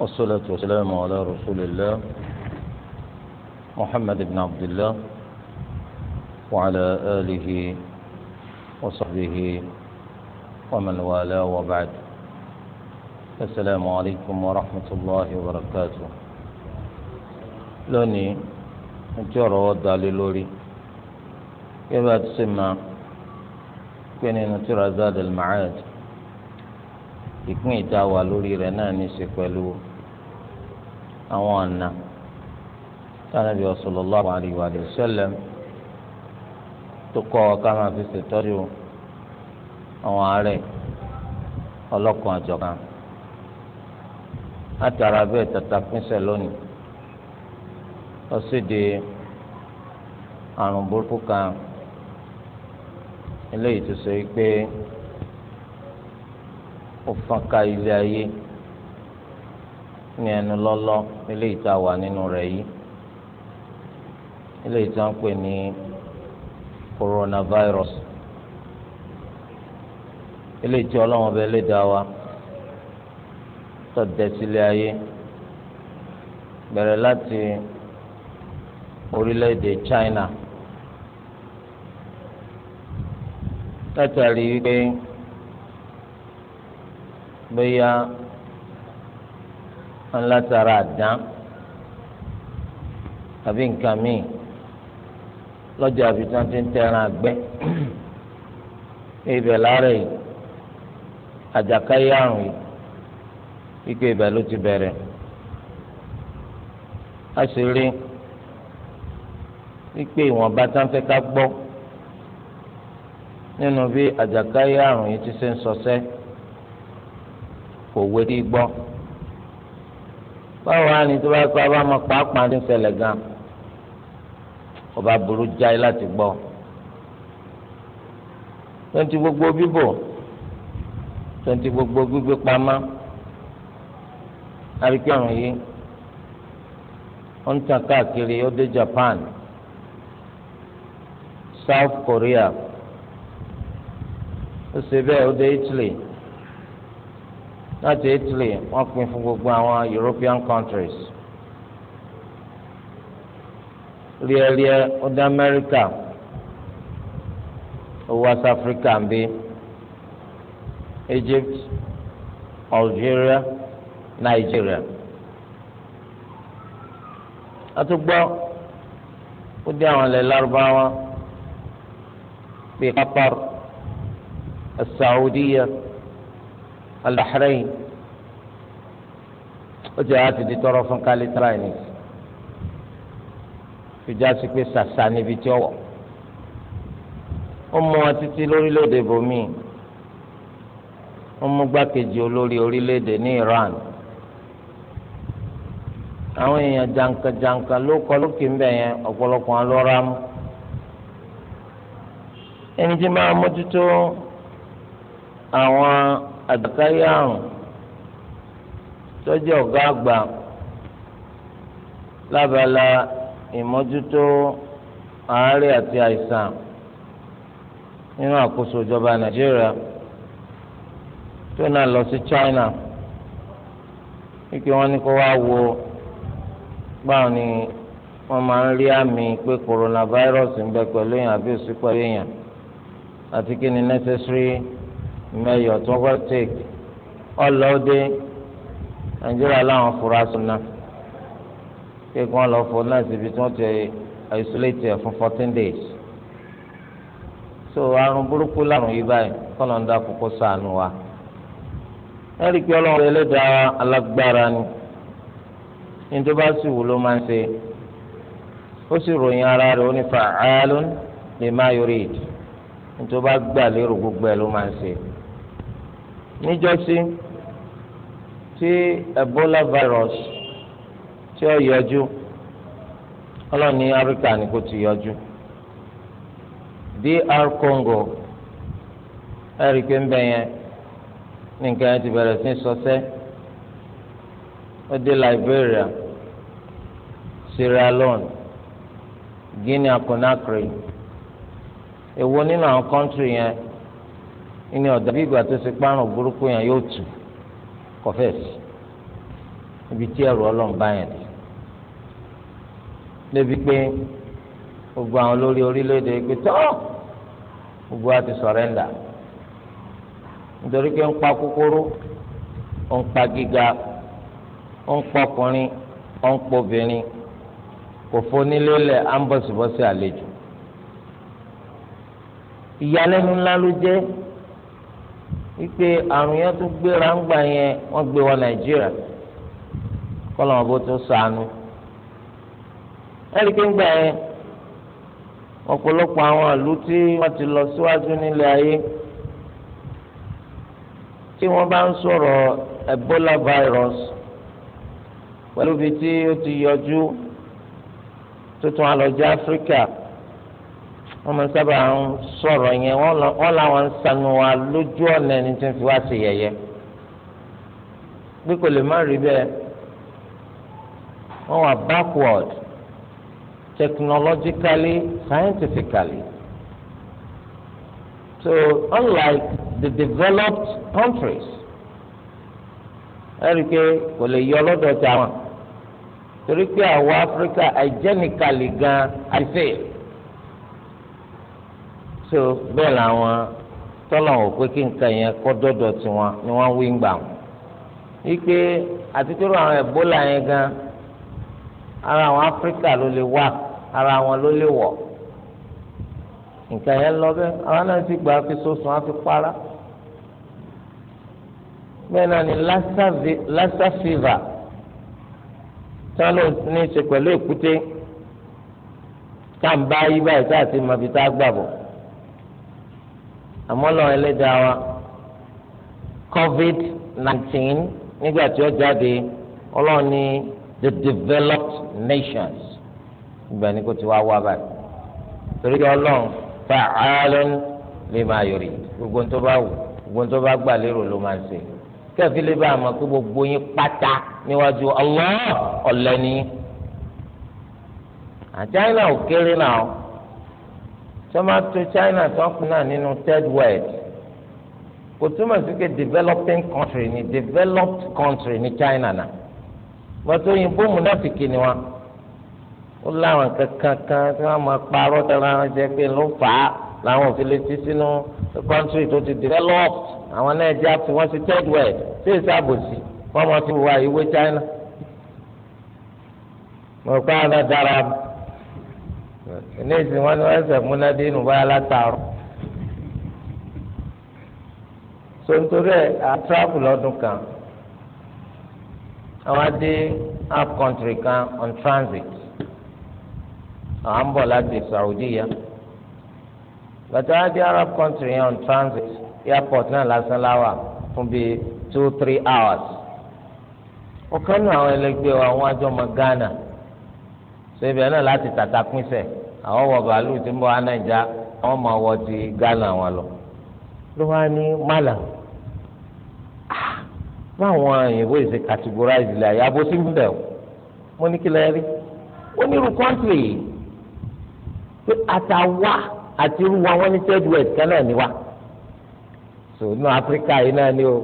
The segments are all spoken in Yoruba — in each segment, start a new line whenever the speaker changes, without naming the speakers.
والصلاة والسلام على رسول الله محمد بن عبد الله وعلى آله وصحبه ومن والاه وبعد السلام عليكم ورحمة الله وبركاته لوني جرى ودى للوري كما تسمى كنين ترى زاد المعاد ìpín ìta wà lórí rẹ̀ náà ní í ṣe pẹ̀lú àwọn ọ̀nà tánàbí sallallahu alaihi wa sallam tó kọ́ ọ ká máa fi ṣètọ́jú àwọn àárẹ̀ ọlọ́kan àjọkan látara bẹ́ẹ̀ tata pínṣẹ̀ lónìí ó sì di àrùn burúkú kan eléyìí tó ṣe pé. òfin ka ilé ayé ní ẹnu lọ́lọ́ ilé ìta wà nínú rẹ̀ yìí ilé ìta ń pè ní coronavirus ilé ìta ọlọ́wọ́n ọbẹ̀ lè dá wa tọ́jú sílẹ̀ ayé bẹ̀rẹ̀ láti orílẹ̀-èdè China látàrí wípé. bóyá ńlátara àdán àbí nǹkan míì lọ́jà àbí tí wọ́n ti ń tẹran àgbẹ́ ibẹ̀ láàrẹ̀ yìí àjàkáyé àrùn yìí wípé ibẹ̀ ló ti bẹ̀rẹ̀ a sì rí wípé ìwọ̀nba tá ń fẹ́ ká gbọ́ nínú bí àjàkáyé àrùn yìí ti ṣe ń sọsẹ́. So fòwe tí gbọ́ báwo wá ní tó bá pẹ́ bá mọ pàápàá ní ṣẹlẹ̀ gan ọba burú jáì láti gbọ́ tonti gbogbo bíbò tonti gbogbo gbígbé pamọ́ àríkẹ́ yìí ó tàn káàkiri ó dé Japan South Korea ó ṣe bẹ́ẹ̀ Italy. láti Italy wọ́n pín fún gbogbo àwọn European countries ríẹríẹ ó dá Amẹ́ríkà Africa ń Egypt Algeria Nigeria àtúgbọ́ ó dé àwọn ilẹ̀ lárúbáwá bíi Qatar Saudiya al-Bahrain ó ti wá ti di tọrọ fún kálítráì ní fìjà sí pé sàṣà níbi tí ó wọ̀ ó mú wọn títí lórílẹ̀‐èdè bomi ó mú gbákejì olórí orílẹ̀‐èdè ní Iran àwọn èèyàn jàǹkàjàǹkà ló kọ lókè ń bẹ̀ yẹn ọ̀pọ̀lọpọ̀ àwọn mú ẹni tí máa mójútó àwọn àdàkárí àrùn tọ́jú ọ̀gá àgbà lábala ìmọ́jútó àárẹ̀ àti àìsàn nínú àkóso ìjọba nàìjíríà tó náà lọ sí China wípé wọ́n ní kó wá wo báwọn ni wọ́n máa ń rí àmì pé coronavirus ń bẹ pẹ̀lú èèyàn àbí òsì èèyàn àti kí ni necessary mẹyọ tí wọn kọ tèkì ọlọdẹ nàìjíríà làwọn fura sunna kéèkì wọn lọ fún náà síbi tí wọn ti isolate ẹ fún fourteen days so àrùn burúkú làrùn yìí báyìí kọlọ̀ ń dá kókó sànù wa ẹ̀rí pé ọlọ́run ẹlẹ́dàá alágbára ni ní tó bá sì wù ló máa ń ṣe ó sì ròyìn ara rẹ̀ ó ní fa'alun lima yurid ní tó bá gbà lérò gbogbo ẹ̀ ló máa ń ṣe níjọ́sí tí Ebola virus tí ó yọjú ọlọ́run ní Áfíríkà ni kò ti yọjú DR Congo ẹ̀rí pé ń bẹ yẹn ní nǹkan yẹn ti bẹ̀rẹ̀ sí sọ́sẹ́ ó dé Liberia Sierra Leone Guinea Conakry èwo nínú àwọn kọ́ńtì yẹn ìní ọ̀dà bí ìgbà tó ṣe párùn burúkú yẹn yóò tù kọfẹ́sì ibi tí ẹ̀rù ọlọ́run bá yẹn dé débi pé gbogbo àwọn olórí orílẹ̀-èdè pé tọ́ gbogbo wa ti sọ̀rẹ́ndà nítorí pé ń pa kúkúrú ó ń pa gíga ó ń pa ọkùnrin ń pa obìnrin kò fonilélẹ̀ à ń bọ̀sibọ́sí àlejò ìyàlẹ́nu ńlá ló jẹ́ Ipe, àrùn yẹn tó gbéra ń gbà yẹn wọ́n gbé wọ nàìjíríà kọ́lọ̀ wọn bó tó sànù ẹ̀rí kéńgbà yẹn ọ̀pọ̀lọpọ̀ àwọn ìlú tí wọ́n ti lọ síwájú nílé ayé tí wọ́n bá ń sọ̀rọ̀ Ebola virus pẹ̀lú ibi tí ó ti yọjú tuntun àlọ́jọ́ Áfíríkà wọ́n máa ń sábà sọ̀rọ̀ yẹn wọ́n làwọn ń sanu wa lójú ọ̀nà ẹni tí ń fi wá sí yẹ̀yẹ́ bí kò lè má rí bẹ́ẹ̀ wọ́n wà backward technologically scientifically so unlike the developed countries ẹ̀rí pé kò lè yọ lọ́dọ̀ tí a wọn torí pé àwọn Áfíríkà hygienically gan àìsèé so bẹ́ẹ̀ làwọn tọ́lọ̀ ò pé kí nǹkan yẹn kọ́ dọ́dọ̀ tiwọn ni wọ́n wí ń gbà wọn. wípé àtikúrò àwọn Ebola yẹn gan ara àwọn Áfíríkà ló lè wà ara wọn ló lè wọ̀ nǹkan yẹn lọ bẹ́ẹ̀ àwọn náà ti gbà fi sosun á fi para bẹ́ẹ̀ náà ni lassa fever tí wọ́n lò ní í ṣe pẹ̀lú èkúté tá à bá yí báyìí tá à ti mọ̀ ibi tá a gbà bọ̀ àmọ́ lọ́wọ́ ẹlẹ́dàá wa covid nineteen nígbà tí ó jáde ọlọ́run ní the developed nations ìgbà ní kò tí wá wá báyìí torí pé ọlọ́run fa'alun lima yurid gbogbo tó bá wù gbogbo tó bá gbà lérò ló máa ń ṣe kẹfì lè bá a pé gbogbo yín pátá níwájú Allah ọ̀lẹ́ni àti àyìnlá ò kéré náà tomato China tó ń pè náà nínú third world kò túmọ̀ sí pé developing country ni developed country ni China náà bọ́tò òyìnbó múnáfìkì ni wọn ó láwọn kankan kan tí wọ́n máa parọ́ tẹ́lẹ̀ wọn jẹ́ pé ló fà á làwọn òfin lè ti sínú country tó ti developed àwọn náà jẹ́ àti wọ́n sí third world tí èsì àbòsí wọ́n máa fi wá ìwé China mo pa ara dára ní ìsìn wọn ni wọn ẹsẹ̀ múnádé nù báyà látàrọ sontori ẹ atrapu lọ́dún kan àwọn adé half country kan on transit àwọn ń bọ̀ láti Saudi ya bàtà adé Arab country yẹn on transit airport náà lásán láwà fún bíi two three hours ọ̀kan nù àwọn ẹlẹgbẹ́ wa wọn àjọ ọmọ Ghana so ibẹ̀ náà láti tàtà pín sẹ́ẹ̀ àwọn wọ bàálù tí ń bọ̀ anájà àwọn máa wọ ti Ghana wọn lọ ló wá ní mala ah, báwọn òyìnbó yìí ṣe categorize ilẹ̀ ayé abo sí bẹ́ẹ̀ o mo ní kí lè rí ó ní irú kọ́ńtì yìí pé àtàwa àti irú wa wọ́n ní third world kan ni wa so inú Áfíríkà yìí náà ni o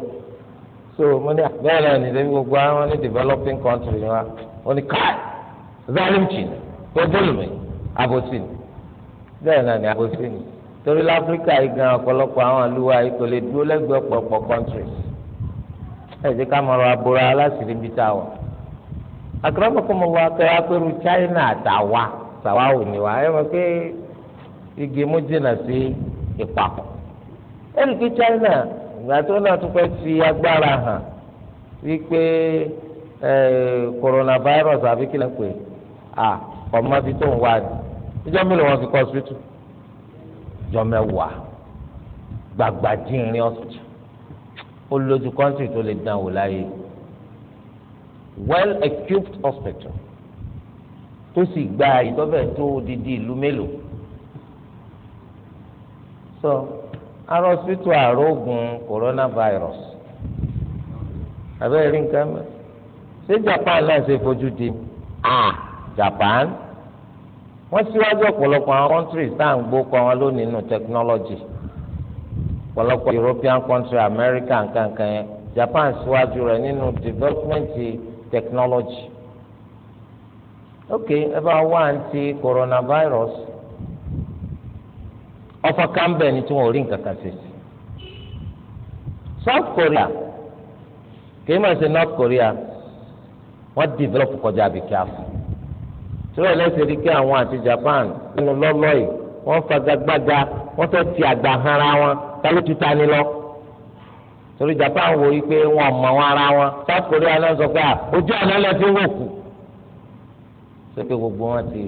so mo ní bẹ́ẹ̀ náà ní débi gbogbo àwọn ní developing country ni wa ó ní káì zalimchin gbogbo lùmí. abosin ni bẹ́ẹ̀ náà ni abosí ni torí láfíríkà yìí ọpọlọpọ àwọn àlùwà yìí lè dúró lẹ́gbẹ̀ẹ́ ọ̀pọ̀lọpọ̀ countries ẹ̀ ṣe abora aláṣìírí bíi wa ya pé China àtàwa tàwa ò wa ẹ pé igi mú jìnnà sí ìpapọ̀ ẹnì China ìgbà tó náà tún coronavirus àbí kí ọmọ fi tó ń wá di ìjọ mélòó wọn fi kọ́ ọsibítù ìjọ mẹ́wàá gbàgbà dínrín ọ̀sùn ó lójú kọ́ńtì tó lè dán wò láyé well equipped hospital tó sì gba ìtọ́fẹ̀ tó odidi ìlú mélòó so arọ hospital àrò oògùn coronavirus abẹ́rẹ́ rí nǹkan mọ́ ṣé Japan náà ṣe fojú di ah! Japan wọ́n síwájú ọ̀pọ̀lọpọ̀ àwọn countries tá à ń gbókọ wọn lónìí nínú technology ọ̀pọ̀lọpọ̀ European country America nkankan yẹn Japan síwájú rẹ̀ nínú development technology ok ẹ bá wá àǹtí coronavirus ọfọ kánbẹ ni tí wọn ò rí nǹkan kan ṣe sí South Korea kì í ṣe North Korea wọ́n develop kọjá àbíkí àfọ sọ́rọ̀ lẹ́sẹ̀ rí pé àwọn àti Japan nínú lọ́lọ́ yìí wọ́n fagagbága wọ́n fẹ́ ti àgbà hàn ara wọn ta ló ti ta ni lọ. torí Japan wò yí pé wọ́n mọ̀ wọn ara wọn South Korea náà sọ pé ojú àná lẹ fi wò kù. sọ pé gbogbo wọn ti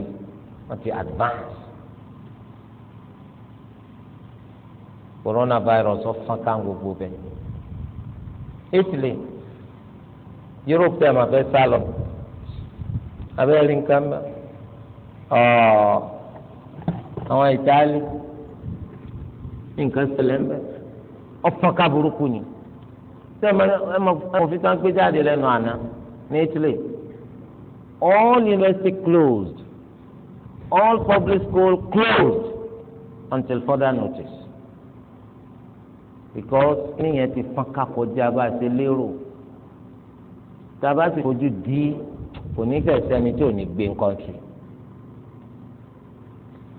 wọn ti advance. coronavirus ọ̀fọ̀n ká gbogbo bẹ́ẹ̀. Italy Europe tẹ̀ ma fẹ́ sálọ abẹ́rẹ́ nǹkan bẹ́ẹ̀ àwọn ìtaálí nǹkan ṣẹlẹ̀ ń bẹ̀ ọ̀pọ̀ká burúkú ni ṣé ẹ máa fi tán gbé jáde lẹ́nu àná ní Italy all university closed all public school closed until further notice because níyẹn ti fọ́nká kọjá bá a ṣe lérò tá a bá sì fojú di kò ní kẹsẹ́ ẹni tí ò ní gbé ń kọ́ńtì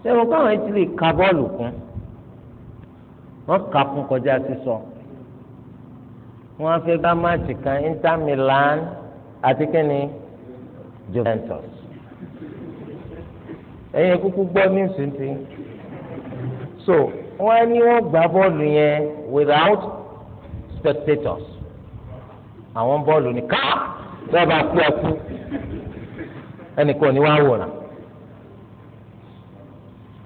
sẹ́wọ̀n káwọn ti lè ka bọ́ọ̀lù kún wọ́n kà kún kọjá sísọ wọ́n á fẹ́ bá máàcì kan Inter Milan àti kẹ́ni Juventus ẹ̀yin kúkú gbọ́ ní ìsìntì so wọ́n ní wọ́n gbá bọ́ọ̀lù yẹn without spectators àwọn bọ́ọ̀lù ní ká bẹ́ẹ̀ bá kú ẹkú ẹnìkan ò ní wá wòrán.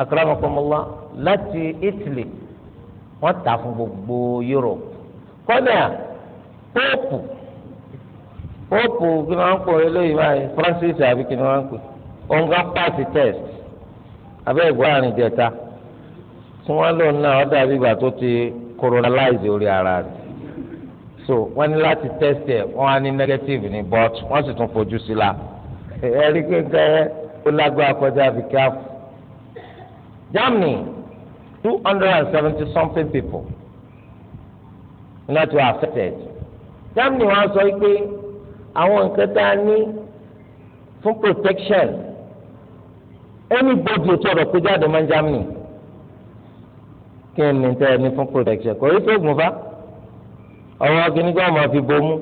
akramakumullah láti Italy wọ́n tà fún gbogbo Europe kọ́nà póòpù póòpù kí wọ́n ń pò eléyìí báyìí Francis àbí kí wọ́n ń pè ònga pass test abẹ́ ìgbọ́ àrùn ìjẹta tí wọ́n lò náà ó dàbí ìgbà tó ti colonize orí ara rẹ̀ so wọ́n ní láti test ẹ̀ wọ́n á ní negative ní but wọ́n sì tún fojú sí la ẹ̀rí kékeré ó lágbára kọjá àbíkẹ́ àfọ. Germany two hundred and seventy something people not were affected Germany wọn sọ pé àwọn nǹkan tá a ní fún protection
anybody tó
rọ̀ kó jáde máa ń Germany kí ni tẹ́ ẹ ní fún protection kò rí fóògùn bá ọwọ́ kìíní tí wọ́n máa fi bomú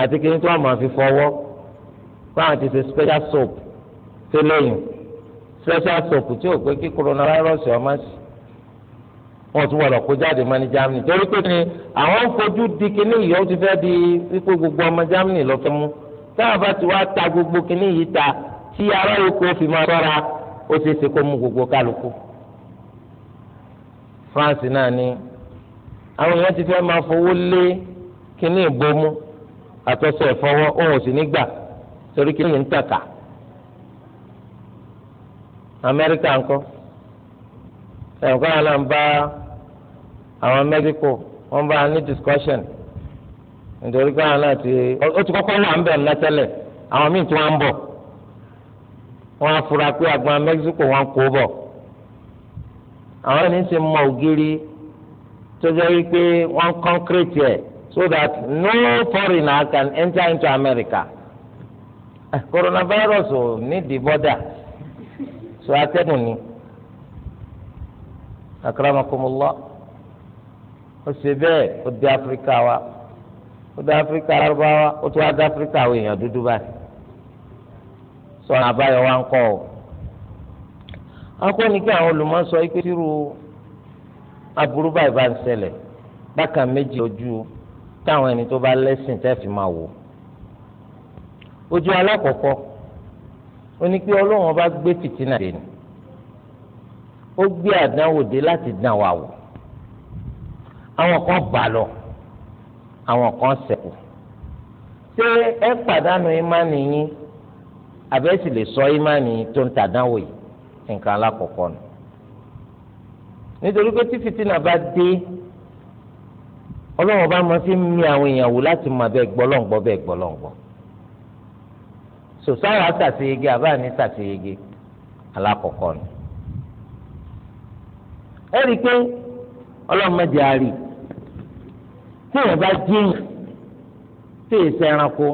àti kìíní tí wọ́n máa fi fọwọ́ fún àwọn ti ṣe special soap tó lóyún special soap tí ò pé kí coronavirus ọmọ sí wọn tún wọlọ kó jáde mọ ní Germany torí pé ní àwọn ń fojú di kínní yìí ó ti fẹ́ di wípé gbogbo ọmọ Germany lọ fẹ́ mú táwọn bá ti ta gbogbo kínní yìí ta tí ará oko fi máa rọra ó ṣeé ṣe kó mú gbogbo kálukú. France náà ni àwọn èèyàn ti fẹ́ máa fowó lé kínní ìbomú àtọ́sọ ẹ̀fọ́wọ́ òun ò sì ní gbà torí kínní yìí ń tàkà amẹ́ríkà ńkọ́ ẹ̀kọ́ àwọn náà ń bá àwọn mẹ́díkù wọ́n bá ní discussion nítorí pé àwọn náà ti ó ti kọ́kọ́ wà ń bẹ̀ ńlá tẹ́lẹ̀ àwọn míì tí wọ́n ń bọ̀ wọ́n á fura pé àgbọn mẹ́síkò wọ́n kó bọ̀ àwọn ẹni sì mọ ògiri tó jẹ́ wípé wọ́n concrete ẹ̀ so that no foreigner can enter into America coronavirus ò ní di border. sọ atẹ́gùn ni akramakumullah ó ṣe bẹ́ẹ̀ ó dé áfíríkà wa ó dé áfíríkà lárúbáwá ó tún wá dé áfíríkà àwọn èèyàn dúdú báyìí sọ̀rọ̀ àbáyọ wa ń kọ́ ọ. akọ́ni kí àwọn sọ pé tírú aburú báyìí bá ń ṣẹlẹ̀ bákan méjì ojú táwọn ẹni tó bá lẹ́sìn tẹ́ ó ní pé ọlọ́run ọba gbé tìtìnà dé ni ó gbé àdánwò dé láti dán wa wò àwọn kan bà lọ àwọn kan ṣẹ́kù ṣé ẹ pàdánù ìmánì yín àbẹ́sì lè sọ ìmánì tó ń tàdánwò yìí nǹkan alákọ̀ọ́kọ́ nù nítorí pé tí fìtínà bá dé ọlọ́run ọba máa fi mi àwọn èèyàn wò láti mọ abẹ́ gbọ́lọ́ǹgbọ́ bẹ́ẹ̀ gbọ́lọ́ǹgbọ́ sòsáwà sàṣeyege àbáàní sàṣeyege alákọ̀ọ́kọ́ ni. ẹ rí i pé ọlọ́mọdé àárí tí èèyàn bá jíyàn tí èèyàn sẹ́ranko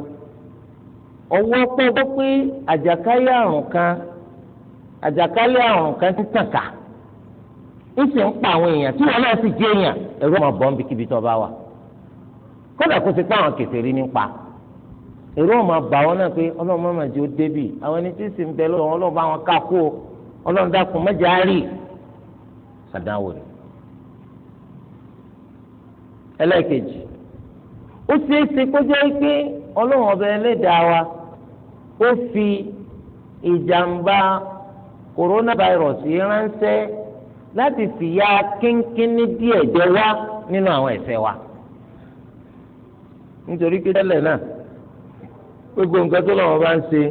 ọwọ́ pọ́ gbọ́ pé àjàkálẹ̀ àrùn kan àjàkálẹ̀ àrùn kan ti tàn ká
ń sì ń pa àwọn èèyàn tí wọn náà sì jíyàn
ẹ̀rọ ọmọ bọ́ńbí kíbi tó bá wà kódà kó ti pa àwọn kèfèrí nípa. èrò ọmọ bá wọn náà pé ọlọ́mọ máa ó débì àwọn ẹni tí sì ń bẹ lọ́wọ́ ọlọ́mọ àwọn kákó ọlọ́run dákun mẹ́jẹ á sàdáwò ni. ẹlẹ́ẹ̀kejì ó ṣeé ṣe kó jẹ́ pé ọlọ́run ọbẹ̀ ẹlẹ́dàá wa ó fi ìjàmbá ránṣẹ́ láti fìyà gbogbo nǹkan tó lọ́wọ́ bá ń ṣe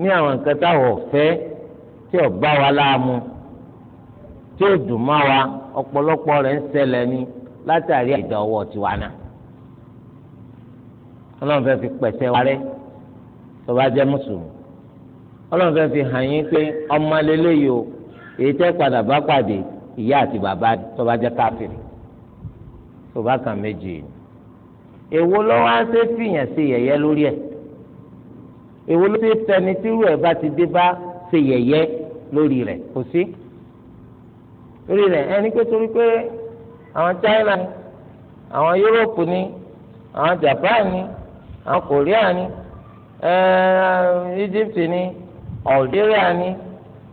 ní àwọn nǹkan táwọn ọ̀fẹ́ tí ò bá wa láàmú tí ò dùn má wa ọ̀pọ̀lọpọ̀ rẹ̀ ń ṣẹlẹ̀ ni látàrí àìdá ọwọ́ tiwa náà ọlọ́run fẹ́ fi pẹ̀sẹ̀ wa rẹ́ tó bá jẹ́ mùsùlùmí ọlọ́run fẹ́ fi hàn yín pé ọmọ lélẹ́yìí o èyí tẹ́ padà bá pàdé ìyá àti bàbá tó bá jẹ́ káfíìn tó bá kàn méjì yìí èwo lọ́wọ́ á ṣe fìyàn ṣe yẹ̀yẹ́ lórí ẹ̀ èwo ló ṣe tẹni tírú ẹ̀ bá ti dé bá ṣe yẹ̀yẹ́ lórí rẹ̀ kò sí lórí rẹ̀ ẹni pé torí pé àwọn China ni àwọn Europe ni àwọn Japan ni àwọn Korea ni ẹẹ eh, Egypt ni Algeria ni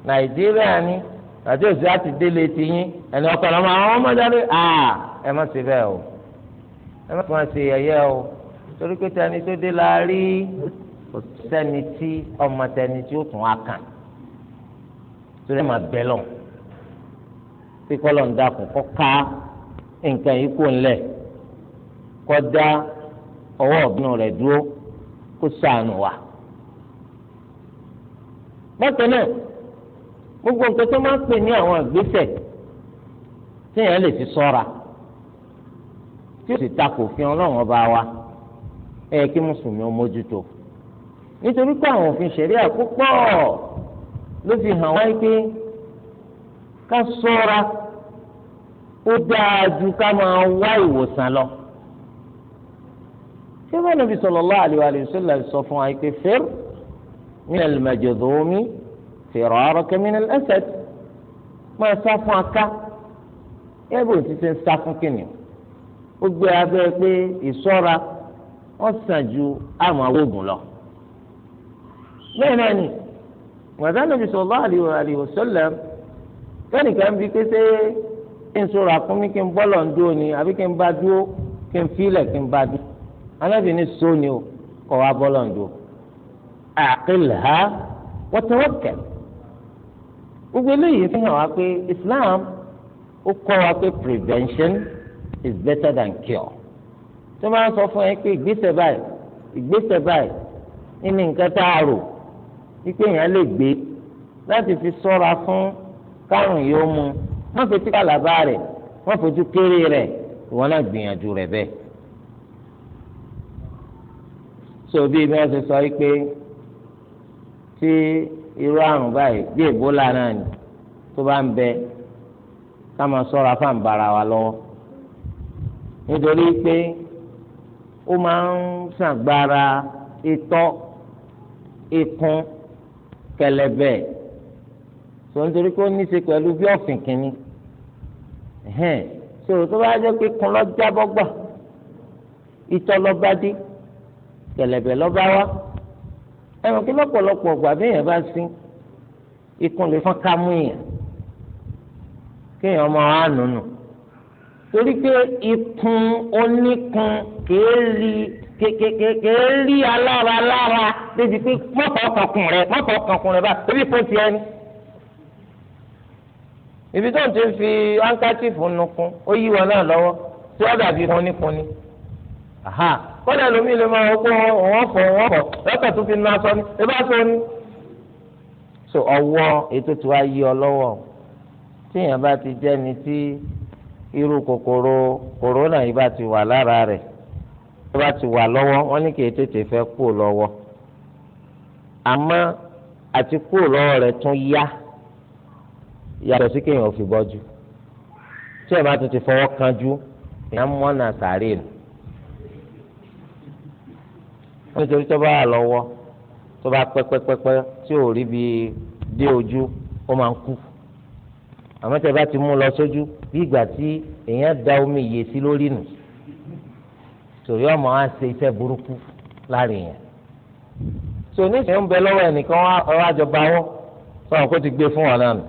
Nigeria ni àti òsì àti délé ti yín ẹni ọkọ lọmọ àwọn ọmọdé ẹ má ṣe bẹ́ẹ̀ o ẹ má kàn ṣe yẹ̀yẹ́ o torí pé tani tó dé la rí kò sẹ́ni tí ọmọ tani tí ó tún wá kàn torí ẹ má bẹ lọ tí kọlọ̀ ń dakùn kọ́ ká nǹkan yìí kò ń lẹ̀ kọ́ dá ọwọ́ ọ̀gbìn rẹ̀ dúró kó sànù wá. bákan náà gbogbo nǹkan tó máa ń pè ní àwọn ìgbésẹ̀ tí èèyàn lè fi sọ́ra. So tí ó sì takò fi ọlọ́run ọba wa ẹ yẹ kí mùsùlùmí ó mójútó nítorí pé àwọn òfin ṣẹ̀ríà púpọ̀ ló fi hàn wáyé pé ká ṣọ́ra ó dáa ju ká máa wá ìwòsàn lọ ṣé wọn nàbí sallallahu alaihi wa sallam sọ fún wa pé fir min al-majdhumi firaraka min al-asad máa sá fún aká ẹ bò ti ṣe ń sá fún kìnìún ó gbé abẹ́ pé ìṣọ́ra ó sàn ju àrùn awóògùn lọ. bẹ́ẹ̀ náà ni wàdánù bí sọ̀rọ̀ àlìwò àlìwò sọ́lẹ̀ kẹ́nìkan bí pé ṣé kí n sọ̀rọ̀ àkúnmí kí n bọ́lọ̀ ń dúró ni àbí kí n bá dúró kí n fílẹ̀ kí n bá dúró. alábìíní sọ ni o kọ̀ wá bọ́lọ̀ ń dúró. aqilha wa tawakkal. gbogbo eléyìí fi hàn wá pé Islam ó kọ́ wa pé prevention is better than cure tó máa ń sọ fún ẹ pé ìgbésẹ̀ báyìí ìgbésẹ̀ báyìí nínú nǹkan tá a rò wípé èèyàn lè gbé láti fi sọ́ra fún kárùn yìí ó mu wọ́n fi tíkàlà bá rẹ̀ wọ́n fojú kéré rẹ̀ ìwọ náà gbìyànjú rẹ̀ bẹ́ẹ̀. so bí mi ọ ṣe sọ pé tí irú àrùn báyìí bí èbólà náà ni tó bá ń bẹ ká máa sọ́ra fáǹbara wa lọ́wọ́ nítorí pé ó máa ń ṣàgbára itọ́ ikùn kẹ̀lẹ̀bẹ̀ tó nítorí pé ó ní í ṣe pẹ̀lú bí ọ̀fìn kìíní sọ̀rọ̀ tó bá jẹ́ pé kun lọ́jà bọ́gbà itọ́ lọ́ba dé kẹ̀lẹ̀bẹ̀ lọ́ba wá ẹ̀wọ̀n kí lọ́pọ̀lọpọ̀ ọ̀gbà bí èèyàn bá sín ikùn lè fọ́n ká mú èèyàn kéèyàn ọmọ wa nùnù
torí pé ikùn oníkun kìí rí kìí rí alára lára débi pé
mọ́tò kankun rẹ mọ́tò kankun rẹ bá ebi kò tiẹ̀ ni. ibi tó ń ti fi hankachifu nukun ó yí wọn náà lọ́wọ́ tí wọ́n dàbí oníkun ni. kọ́dà lómi lè máa wọ́n kó wọ́n fọ̀ wọ́n fọ̀ lọ́tọ̀ tó fi nu aṣọ ni ẹ bá sọ ni. so ọwọ́ ètò tí wàá yí ọ lọ́wọ́ tíyẹn bá ti jẹ́ ni tí irú kòkòrò kòrónà yìí bá ti wà lára rẹ̀ tó bá ti wà lọ́wọ́ wọ́n ní kì í tètè fẹ́ kú lọ́wọ́ àmọ́ àti kú lọ́wọ́ rẹ̀ tún yá yàtọ̀ sí kéèyàn fi bọ́jú tí ẹ̀ bá tún ti fọwọ́ kanjú èèyàn mọ́nà sàárè nù nítorí tó bá wà lọ́wọ́ tó bá pẹ́pẹ́pẹ́pẹ́ tí ò rí bi dé ojú ó máa ń kú àmọ́ tẹ́ bá ti mú lọ sójú bí ìgbà tí èèyàn da omi ìyè sí lórí nù sòrí ọmọ wa ṣe iṣẹ́ burúkú láàrin yẹn so nísìnyí ń bẹ lọ́wọ́ ẹnìkan ọ̀rọ̀ àjọba wọ́ sọ̀rọ̀ kó ti gbé fún wọn náà nù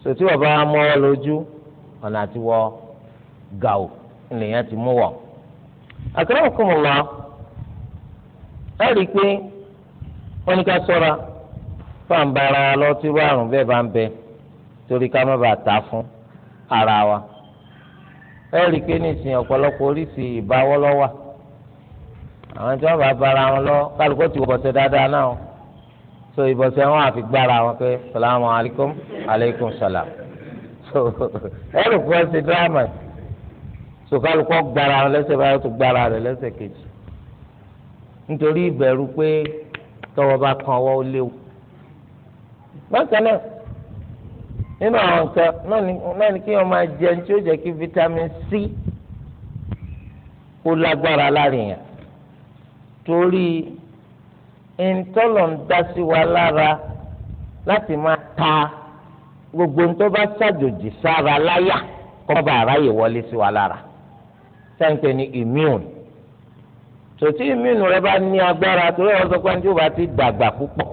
so tí bàbá wa mọ́ ọ lójú ọ̀nà àti wọ gàù lèèyàn ti mú wọ̀ àkàrà òkùnmù lọ ẹ rí i pé wọ́n ní ká sọ́ra fáǹbára lọ́tírú àrùn bẹ́ẹ̀ bá ń bẹ́ẹ̀ torí ká má bàa ta fún ara wa ẹ rí i pé nísìnyí ọ̀pọ̀lọpọ̀ oríṣi ìbáwọ́lọ́wà àwọn tí wọ́n bá bára wọn lọ kálukú ti wọ dáadáa náà so ìbọ̀sẹ̀ wọn àfi gbára wọn pé salamu alaykum alaykum salam so ẹ rí i pé ọ̀sẹ̀ dírámà so kálukú gbára wọn lẹ́sẹ̀ báyọ̀ tó gbára rẹ̀ lẹ́sẹ̀ kejì nítorí ìbẹ̀rù pé tọwọ́ bá kan ọwọ́ ó léwu bákan náà nínú àwọn nǹkan náà ni kí wọn máa jẹ tí ó jẹ kí vitamin C kó lágbára lára yẹn torí ìtọ́lọ̀ ń dá sí wa lára láti máa ta gbogbo ń tó bá ṣàjòjì sára láyà kó bá aráyè wọlé sí wa lára sẹ́ńpẹ́ ni immune tòtí immune rẹ bá ní agbára torí wọn sọ pé ẹni tí ó bá ti dàgbà púpọ̀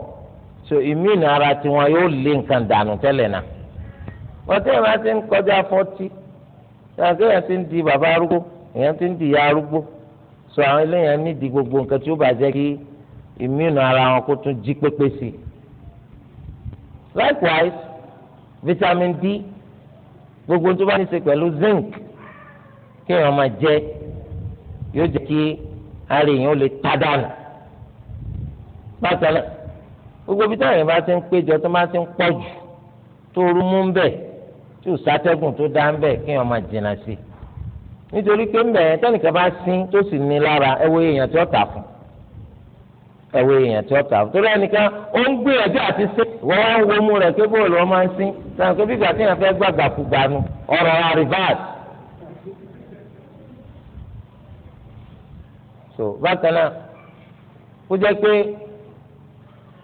so immune ara tiwọn yóò lé nǹkan dànù tẹ́lẹ̀ náà wọ́n tẹ́ ẹ̀ máa ti ń kọjá fọ́tí ṣáà kéèyàn ti ń di bàbá arúgbó èèyàn ti ń di ìyá arúgbó sọ àwọn eléyàn nídìí gbogbo nǹkan tí ó bá jẹ́ kí immune ara wọn kó tún jí pépé sí i. likewise vitamin D gbogbo tó bá ní ṣe pẹ̀lú zinc kéèyàn máa jẹ yóò jẹ́ kí ara èèyàn ó lè ta dànù. bákan náà gbogbo bí bá ti ń péjọ tó máa ti ń pọ̀ jù tó rú mú ń tí ò sátẹ́gùn tó dá ń bẹ̀ kí wọ́n máa jìnnà sí i nítorí pé mbẹ̀ yẹn tẹ́nìkan bá sín tó sì ní lára ẹwọ́ èèyàn tí ó tà fún ẹwọ́ èèyàn tí ó tà fún torí ẹnìkan ó ń gbìyànjú àti sín wọ́n wá ń wo mú rẹ̀ pé bóòlù wọn máa ń sín sàn bí ìgbà tí èèyàn fẹ́ gbàgbà kú gbanu ọ̀rọ̀ àríváàd. so bákan náà ó jẹ́ pé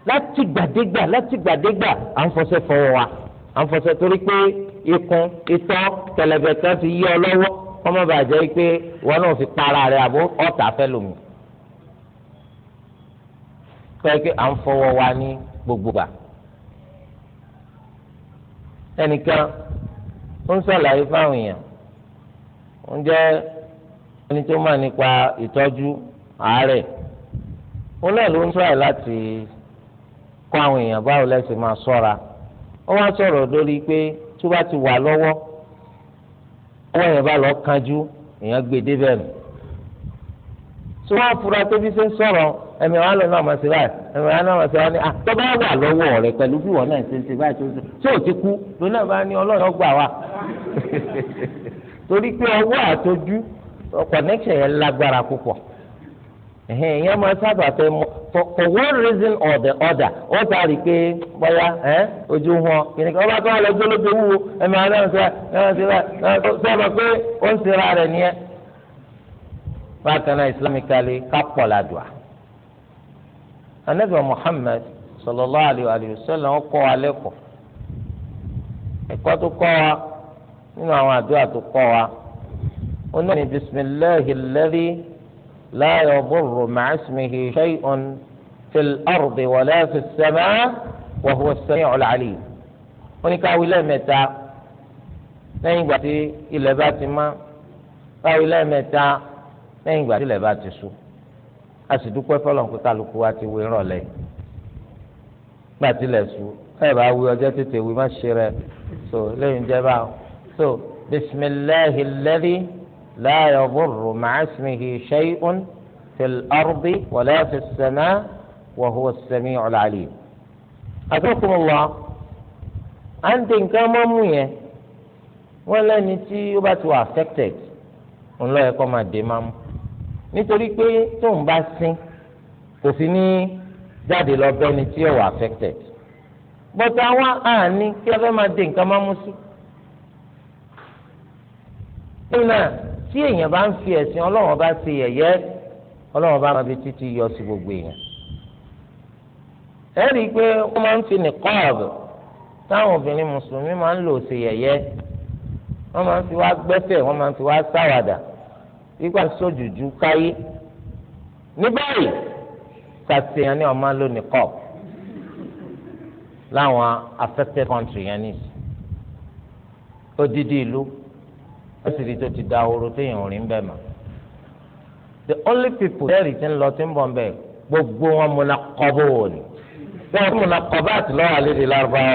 láti gbàdégbà láti gbàdégbà à ń fọṣẹ́ fọwọ́ wa à ń fọṣẹ́ torí pé ikùn itọ́ tẹlẹbẹtẹ fi yí ọ lọ́wọ́ kọ́mọ́ bàjẹ́ pé wọn náà fi para rẹ̀ àbó ọ̀tá fẹ́ lòmù. pé kí à ń fọwọ́ wa ní gbogbo gbà. ẹnìkan ó ń sàlàyé fáwọn èèyàn ó ń jẹ́ ẹni tó mà nípa ìtọ́jú àárẹ̀ òun náà ló ń sọ̀rọ̀ láti kọ́ àwọn èèyàn báwo lẹ́sìn máa ṣọ́ra ó wá sọ̀rọ̀ lórí pé tó bá ti wà lọ́wọ́ ọwọ́ yẹn bá lọ kanjú èèyàn gbé débẹ̀ nù tó wá fura tó fi ṣe ń sọ̀rọ̀ ẹ̀mí wa lọ náà màsí báyìí ẹ̀mí wa náà màsí báyìí tó bá wà lọ́wọ́ rẹ̀ pẹ̀lú bí wọ́n náà ṣe ń ṣe báyìí tó ṣe ti kú ló náà bá ní ọlọ́run ọgbà wa torí pé ọwọ́ àtọjú connection yẹn lágbára púpọ̀. ẹ̀hìn ìyẹn máa sábà fẹ́ mọ for one reason or the other wọ́n ta rí i pé ojú wọn ọba tó wà wúwo sọ pé ó ń sinra bákan náà islamically anabi muhammed kọ́ wa lẹ́kọ̀ọ́ ẹ̀kọ́ tó kọ́ wa nínú bisimilahi lẹ́rìí. لا يضر مع اسمه شيء في الأرض ولا في السماء وهو السميع العليم ونكاوي لمتا لين باتي إلى باتي ما káwé lẹ́ẹ̀mẹ́ta lẹ́yìn ìgbà tí ilẹ̀ bá ti ṣú a sì dúpẹ́ fọlọ́n pé kálukú wa ti wé rọ̀lẹ́ gbà tí ilẹ̀ ṣú ẹ̀ bá wí ọjọ́ tètè wí má ṣe rẹ̀ so lẹ́yìn jẹ́ bá so bisimilahi lẹ́rìí. لا يضر مع اسمه شيء في الأرض ولا في السماء وهو السميع العليم
أكرمكم الله
أنت إن كان مموية ولا نتي يبات affected òun lọ́yẹ̀ kọ́ máa dé máa mú nítorí pé tóun bá sín kò sí ní jáde lọ bẹ́ni tí ó wà affected bọ́tà wa àní kí ẹ fẹ́ máa dé nǹkan máa mú sí. nínú náà tí èèyàn bá ń fi ẹ̀sìn ọlọ́wọ́n bá ṣe yẹ̀yẹ́ ọlọ́wọ́n bá máa fi títí yọ sí gbogbo èèyàn. ẹ rí i pé ó máa ń fi nìkọ́ọ̀bù táwọn obìnrin mùsùlùmí máa ń lò ṣe yẹ̀yẹ́ wọ́n máa ń fi wá gbẹ́fẹ̀ wọ́n máa ń fi wá sáwàdà wípé sójújú káyé ní báyìí kàṣeyàn ni ọmọ ló nìkọ́ọ̀bù láwọn affected country yẹn ní odidi ìlú wọ́n sì tó ti da ooru téèyàn ò rí ń bẹ̀ mọ́ the only people tẹ́rì tí ń lọ tí ń bọ̀ ń bẹ̀ gbogbo wọn múna kọ́bó wò ni wọ́n múna kọ́bá àti lọ́wọ́ àlè di lárúbáwá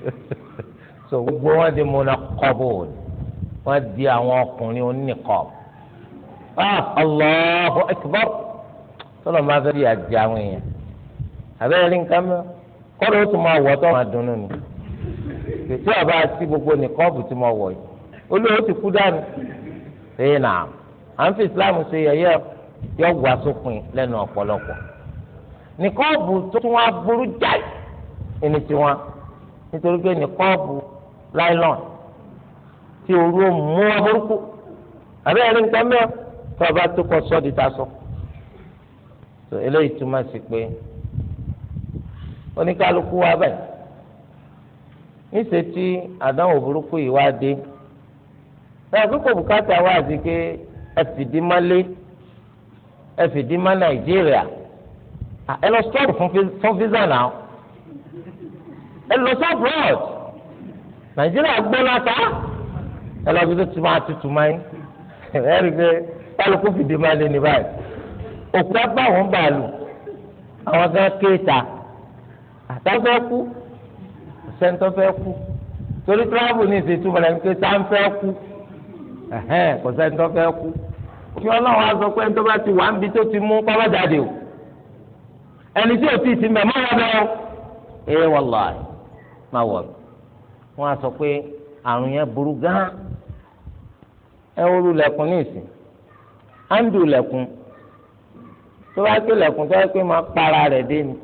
so gbogbo wọn di múna kọ́bó wò ni wọ́n di àwọn ọkùnrin oníkọ́ ah Allah Akbar tọ́lọ̀ máa fẹ́ di àjẹ àwọn èèyàn àbẹ́rẹ́ rí nǹkan mọ́ kọ́dọ̀ ó tún máa wọ̀ tó máa dunnú ni tí a bá ti gbogbo nìkọ́ọ̀bù tí mo wọ̀ yìí olóyè ti kú dànù ṣéyìn náà à ń fi islam ṣe yẹ̀yẹ́ yọ wà sópin lẹ́nu ọ̀pọ̀lọpọ̀ nìkọ́ọ̀bù tó tún wá burú jáì ẹni tiwọn nítorí pé nìkọ́ọ̀bù láìlọ́n tí orú mú wọn burúkú àbí ẹni nǹkan mẹ́rin tó o bá tó kọ sọ́ọ̀dì tá a sọ. tó eléyìí túmọ̀ sí pé oníkálukú wa bẹ̀ níṣẹ́ tí àdánwò burúkú yìí wá dé ẹ̀fí kò bùkátà wá sí pé ẹ fìdí mọ́lé ẹ fìdí mọ́ nàìjíríà ẹ lọ stop fún visa náà ẹ lọ sí abroad nàìjíríà gbọ́ láta ẹ lọ bí tó ti máa tutù máa ń ẹ rí i pé kálukú fìdí ní báyìí òkú ẹgbẹ́ àwọn bàálù àwọn gan kéèta àtàfẹ́ kú sẹ́ńtọ́ fẹ́ kú torí tíráàbù ní ìṣètúmọ̀ lẹ́nu pé tá kú. ẹ̀hẹ́n kò ya fẹ́ kú kí ọlọ́run á tó bá ti wà ń bi tó ti mú o ẹni tí ò tí ti mẹ̀ mọ́ wọn lọ ẹ wàláì má wọ̀ wọ́n sọ pé àrùn yẹn burú gan ẹ ní ìsìn tó bá tó pé máa para rẹ̀ dé ni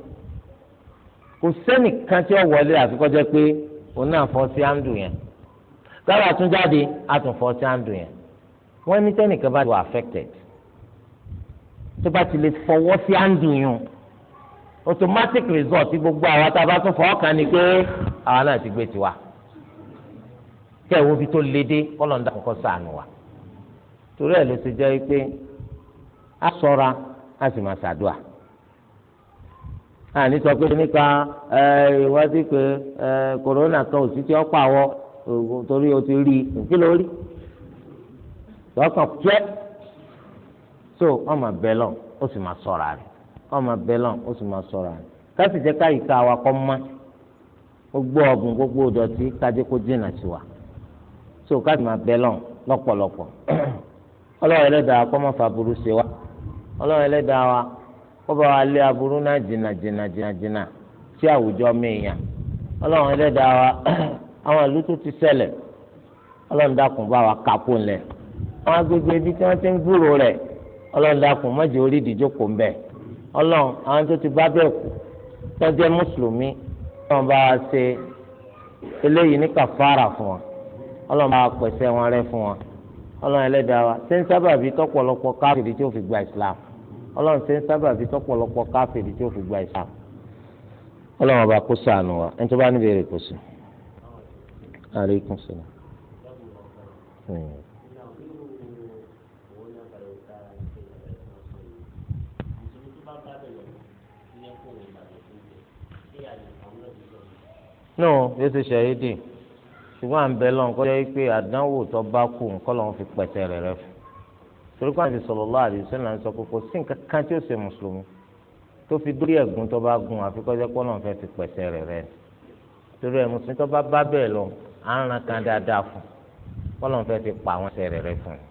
kò sẹ́nìkan tí ó wọlé tára tún jáde àtúnfọ tí a ń dùn yẹn wọn ní tẹnìkan bá ti wà affected tó bá ti lè fọwọ́ sí à yẹn automatic result ti gbogbo àwa tá a bá tún fọwọ́ kàn ní pé àwa náà ti gbé tiwa kẹ́ ẹ̀ wo fi tó le dé kọ́lọ́ńdà kọ́kọ́ sànù wa torí ẹ̀ ló ti jẹ́ pé a sọra a sì máa ṣàdúà àní sọ pé nípa ìwádìí pé kòrónà kan ò sí tí ó pàwọ́ torí o ti rí nkí ló rí lọ́kàn pẹ́ so wọ́n máa bẹ̀ lọ ó sì máa sọ̀rọ̀ rẹ̀ wọ́n máa bẹ̀ lọ ó sì máa sọ̀rọ̀ rẹ̀ káṣí jẹ́ ká ìka wa kọ́ mọ́ gbogbo ọ̀gùn gbogbo ìdọ̀tí kájé kó dènà sí wa so káṣí máa bẹ̀ lọ lọ́pọ̀lọpọ̀ ọlọ́run ẹlẹ́dàá kọ́ máa fa burú sí wa ọlọ́run ẹlẹ́dàá wa kọ́ bá wa lé aburú náà jìnnà jìnnà jìnnà jìnnà sí àwùjọ mi àwọn ìlú tó ti ṣẹlẹ̀ ọlọ́run bá wa kápò ńlẹ̀ àwọn agbègbè ibi tí wọ́n ti ń gbúrò rẹ̀ ọlọ́run dákun má jẹ́ orí ìdíjókòó ń bẹ̀ ọlọ́run àwọn tó ti bá bẹ̀ kú tó jẹ́ mùsùlùmí ọlọ́run bá wa ṣe eléyìí ní kàfàrà fún wa ọlọ́run bá wa pèsè wọn rẹ́ fún wa ọlọ́run ẹlẹ́dàá wa ṣé ń sábàbí tọ́pọ̀lọpọ̀ islam ọlọ́run ṣe ń sábàbí tọ́pọ̀lọpọ̀ káfíìrì tí ó fi gba islam ọlọ́run ọba kó ṣàánú wa ẹni aleykum salaam. náà yóò ṣe ṣàyédè ṣùgbọ́n à ń bẹ lọ́n kọ́ jẹ́ pé àdánwò tó bá kù nǹkan lọ́n fi pẹ̀tẹ́ rẹ̀ rẹ̀ fún torí pàṣẹ sallallahu alaihi wasallam sọ pé kò sí nǹkan kan tí ó ṣe mùsùlùmí tó fi dórí ẹ̀gún tó bá gùn àfikọ́jẹ́ pọ́ lọ́n fẹ́ fi pẹ̀tẹ́ rẹ̀ rẹ̀ torí ẹ̀ mùsùlùmí tó bá bá bẹ́ẹ̀ lọ́n à ń ran kan dáadáa fún Ọlọ́run fẹ́ẹ́ fi pa àwọn ẹsẹ̀ rẹ̀ rẹ́ fún un.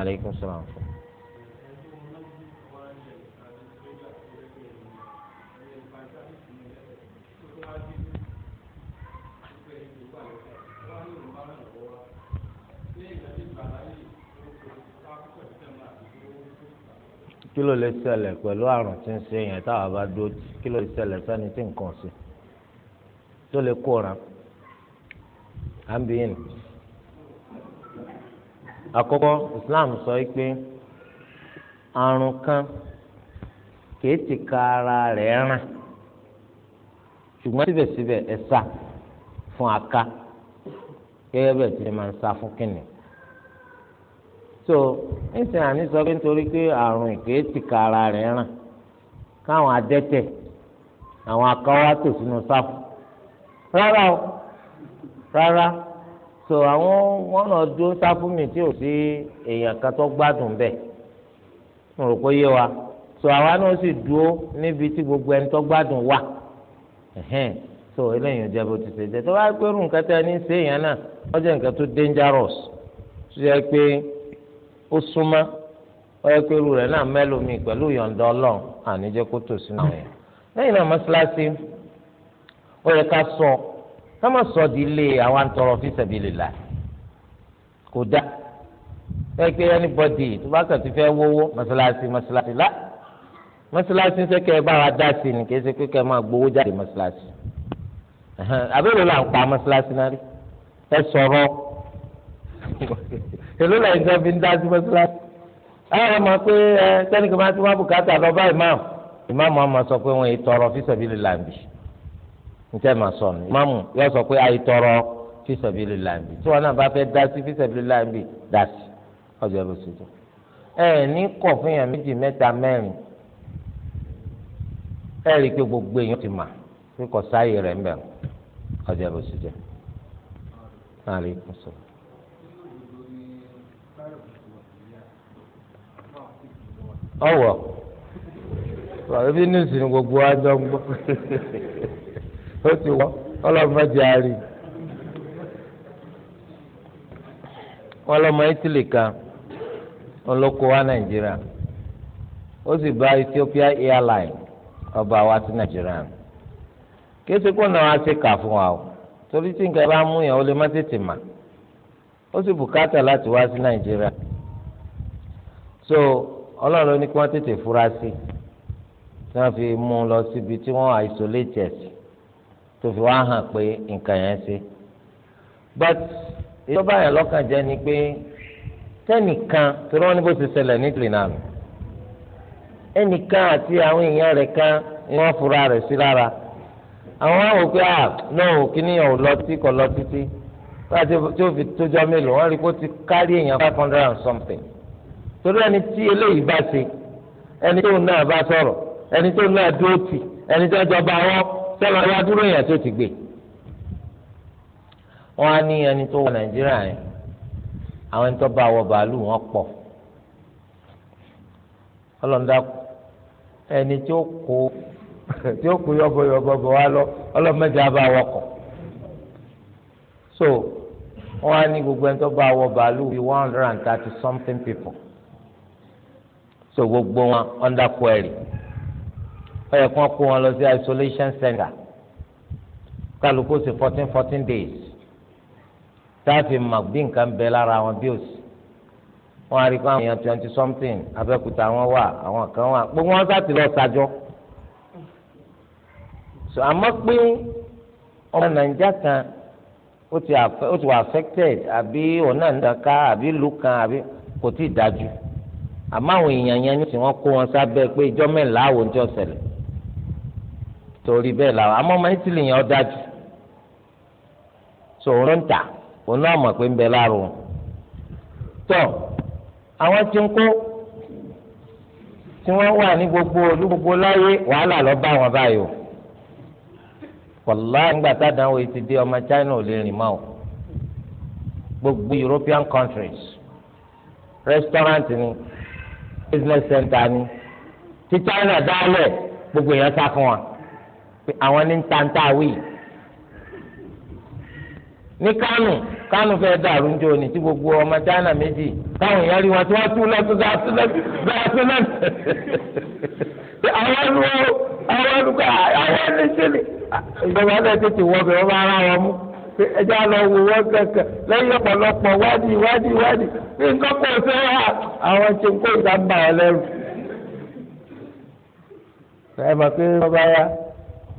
Aleykum salaam. kí ló lè ṣẹlẹ̀ pẹ̀lú àrùn tí ń ṣe yẹn táwa bá dúró kí ló lè ṣẹlẹ̀ sẹ́ni tí nǹkan ṣe. tó lè kó ràn ambiyin Islam sọ pé àrùn kan kìí ti ka ara ràn ṣùgbọ́n síbẹ̀síbẹ̀ fún aka gẹ́gẹ́ bẹ́ẹ̀ tí ẹ máa fún kìnnì so nísìnyí àní sọ pé nítorí pé àrùn ka ara rẹ̀ ràn káwọn adẹ́tẹ̀ àwọn rárá o rárá so àwọn wọn náà dúró sáfúnmi tí ò sí èèyàn kan tó gbádùn bẹ́ẹ̀ mo rò pé yé wa so àwa náà sì dúró níbi tí gbogbo ẹni tó gbádùn wà so eléyìí ò bó ti ṣe jẹ tó bá pé irú nǹkan tẹ ní ṣe èèyàn dangerous tó yẹ pé ó súnmọ́ ó yẹ pé irú rẹ̀ náà mẹ́lòmíì pẹ̀lú ìyọ̀ǹda ọlọ́run àníjẹ́ kó
ó yẹ ká sọ
ká má sọ di ilé àwọn àǹtọ̀rọ̀ fi sabilillah kò dá ẹ pé anybody tó bá kàn ti fẹ́ wọ́wọ́ mọ́sálásí mọ́sálásí lá mọ́sálásí ń sẹ́kẹ̀ bá wa dá sí ni kì í ṣe pé kẹ́ máa gbowó jáde mọ́sálásí abẹ́rẹ́ là ń pa mọ́sálásí náà rí ẹ sọ̀rọ̀ èló là ń sọ fi ń dá sí mọ́sálásí ẹ mọ̀ pé ẹ sẹ́ni kí wọ́n ti wá bùkátà lọ bá ìmáàmù ìmáàmù àmọ̀ sọ pé wọ́n yìí tọrọ fi sabilillah níta máa sọ ní. ìmáàmù yóò sọ pé ayé tọrọ fíṣẹ̀bìlì tí wọn náà bá fẹ́ dá sí lambi láàbì dá sí ọjọ́ ìlú ṣètò. ẹ ní kọ̀ fún èèyàn méjì mẹ́ta mẹ́rin ẹ rí i pé gbogbo èèyàn ti mà pé kò sáàyè rẹ̀ ń bẹ̀ ọjọ́ ebi ní ìsìn gbogbo ajọ ó ti wọ ọlọ́mọdé àárín ọlọmọ Italy kan olóko wa Nàìjíríà ó sì bá Ethiopia airline ọba wa ti Nàìjíríà kí ẹsẹ̀ kó náà wá sí kà fún wa o torí tí nǹkan bá mú o ó lè má tètè mà ó sì bùkátà láti wá sí Nàìjíríà so ọlọ́run ní kí wọ́n tètè fura sí i tí wọ́n fi mú un lọ síbi tí wọ́n isolate ẹ̀sìn tó fi wá hàn pé nǹkan yẹn ṣe but ìjọba yẹn lọ́kàn jẹ́ ni pé tẹ́nìkan tí wọ́n ní bó ti ṣẹlẹ̀ ní tìrìnàmù ẹnìkan àti àwọn èèyàn rẹ̀ kan ni wọ́n fura rẹ̀ sí lára àwọn àwọn pé à náà kíní ò lọ tí kò lọ títí láti tí fi tójọ́ mélòó wọ́n rí kó ti kárí èèyàn five hundred and something torí ẹni tí eléyìí bá ṣe ẹni tó náà bá sọ̀rọ̀ ẹni tó náà dúró tì ẹni tó jọba wọn tẹ́lọ ya dúró yẹn tó ti gbé wọn á ní ẹni tó wọ nàìjíríà yẹn àwọn ẹni tó bá wọ bàálù wọn pọ̀ ọlọ́dà ẹni tí kó tí ó kó yọ̀bọ̀yọ̀bọ̀ bọ̀ lọ ọlọ́mọdé á bá so wọn á ní gbogbo ẹni tó bá wọ bàálù bíi one hundred and thirty something people so gbogbo wọn under query ó yẹ kí wọ́n kó wọn lọ sí isolation center kálukú sí fourteen fourteen days táàfin mọ̀ bí nǹkan bẹ lára wọn bí òsì wọn àrí kó àwọn èèyàn twenty something abẹ́kúta wọn wà àwọn kan wà gbogbo wọn sáà ti lọ sájọ́ so àmọ́ pé ọmọ nàìjíríà kan ó ti wà affected àbí ọ̀nà ìdàká àbí ìlú kan àbí kò tí ì dájú àmọ́ àwọn èèyàn yẹn ní tí wọ́n kó wọn sábẹ́ pé ìjọ́ mẹ́rin láàwọ̀ ń tí ó ṣẹlẹ̀ torí bẹ́ẹ̀ làwọn àmọ́ ọmọ italy yẹn ọ̀dà jù so òun ń tà òun náà mọ̀ pé ń bẹ láàrú tó àwọn tí ń kó tí wọ́n wà ní gbogbo olú gbogbo láyé wàhálà lọ bá wọn báyìí o wàláhì ńgbà tádàáwò yìí ti dé ọmọ China ò lè rìn mọ́ o gbogbo European countries restaurant ni business center ni ti China dálẹ̀ gbogbo èèyàn sá fún wa. pé àwọn ní tantaawì ní kánò kánò fẹ́ dàrú ní òní tí gbogbo ọmọ China méjì táwọn èèyàn rí wọn tí wọ́n tú lọ́tún sáà tún lọ́tún
sáà tún lọ́tún àwọn ẹnu àwọn ẹnu ká àwọn ẹni sílẹ̀ ìjọba náà tètè wọ bẹ̀rẹ̀ wọn ara wọn mú
ẹjọ́ lọ wo wọ́n kẹ̀kẹ́ lẹ́yìn ọ̀pọ̀lọpọ̀ wádìí wádìí wádìí ní
nǹkan kò sẹ́wà
àwọn tí ń kó ìdámbà wọn lẹ́rù ẹ mọ̀ pé wọ́n bá yá.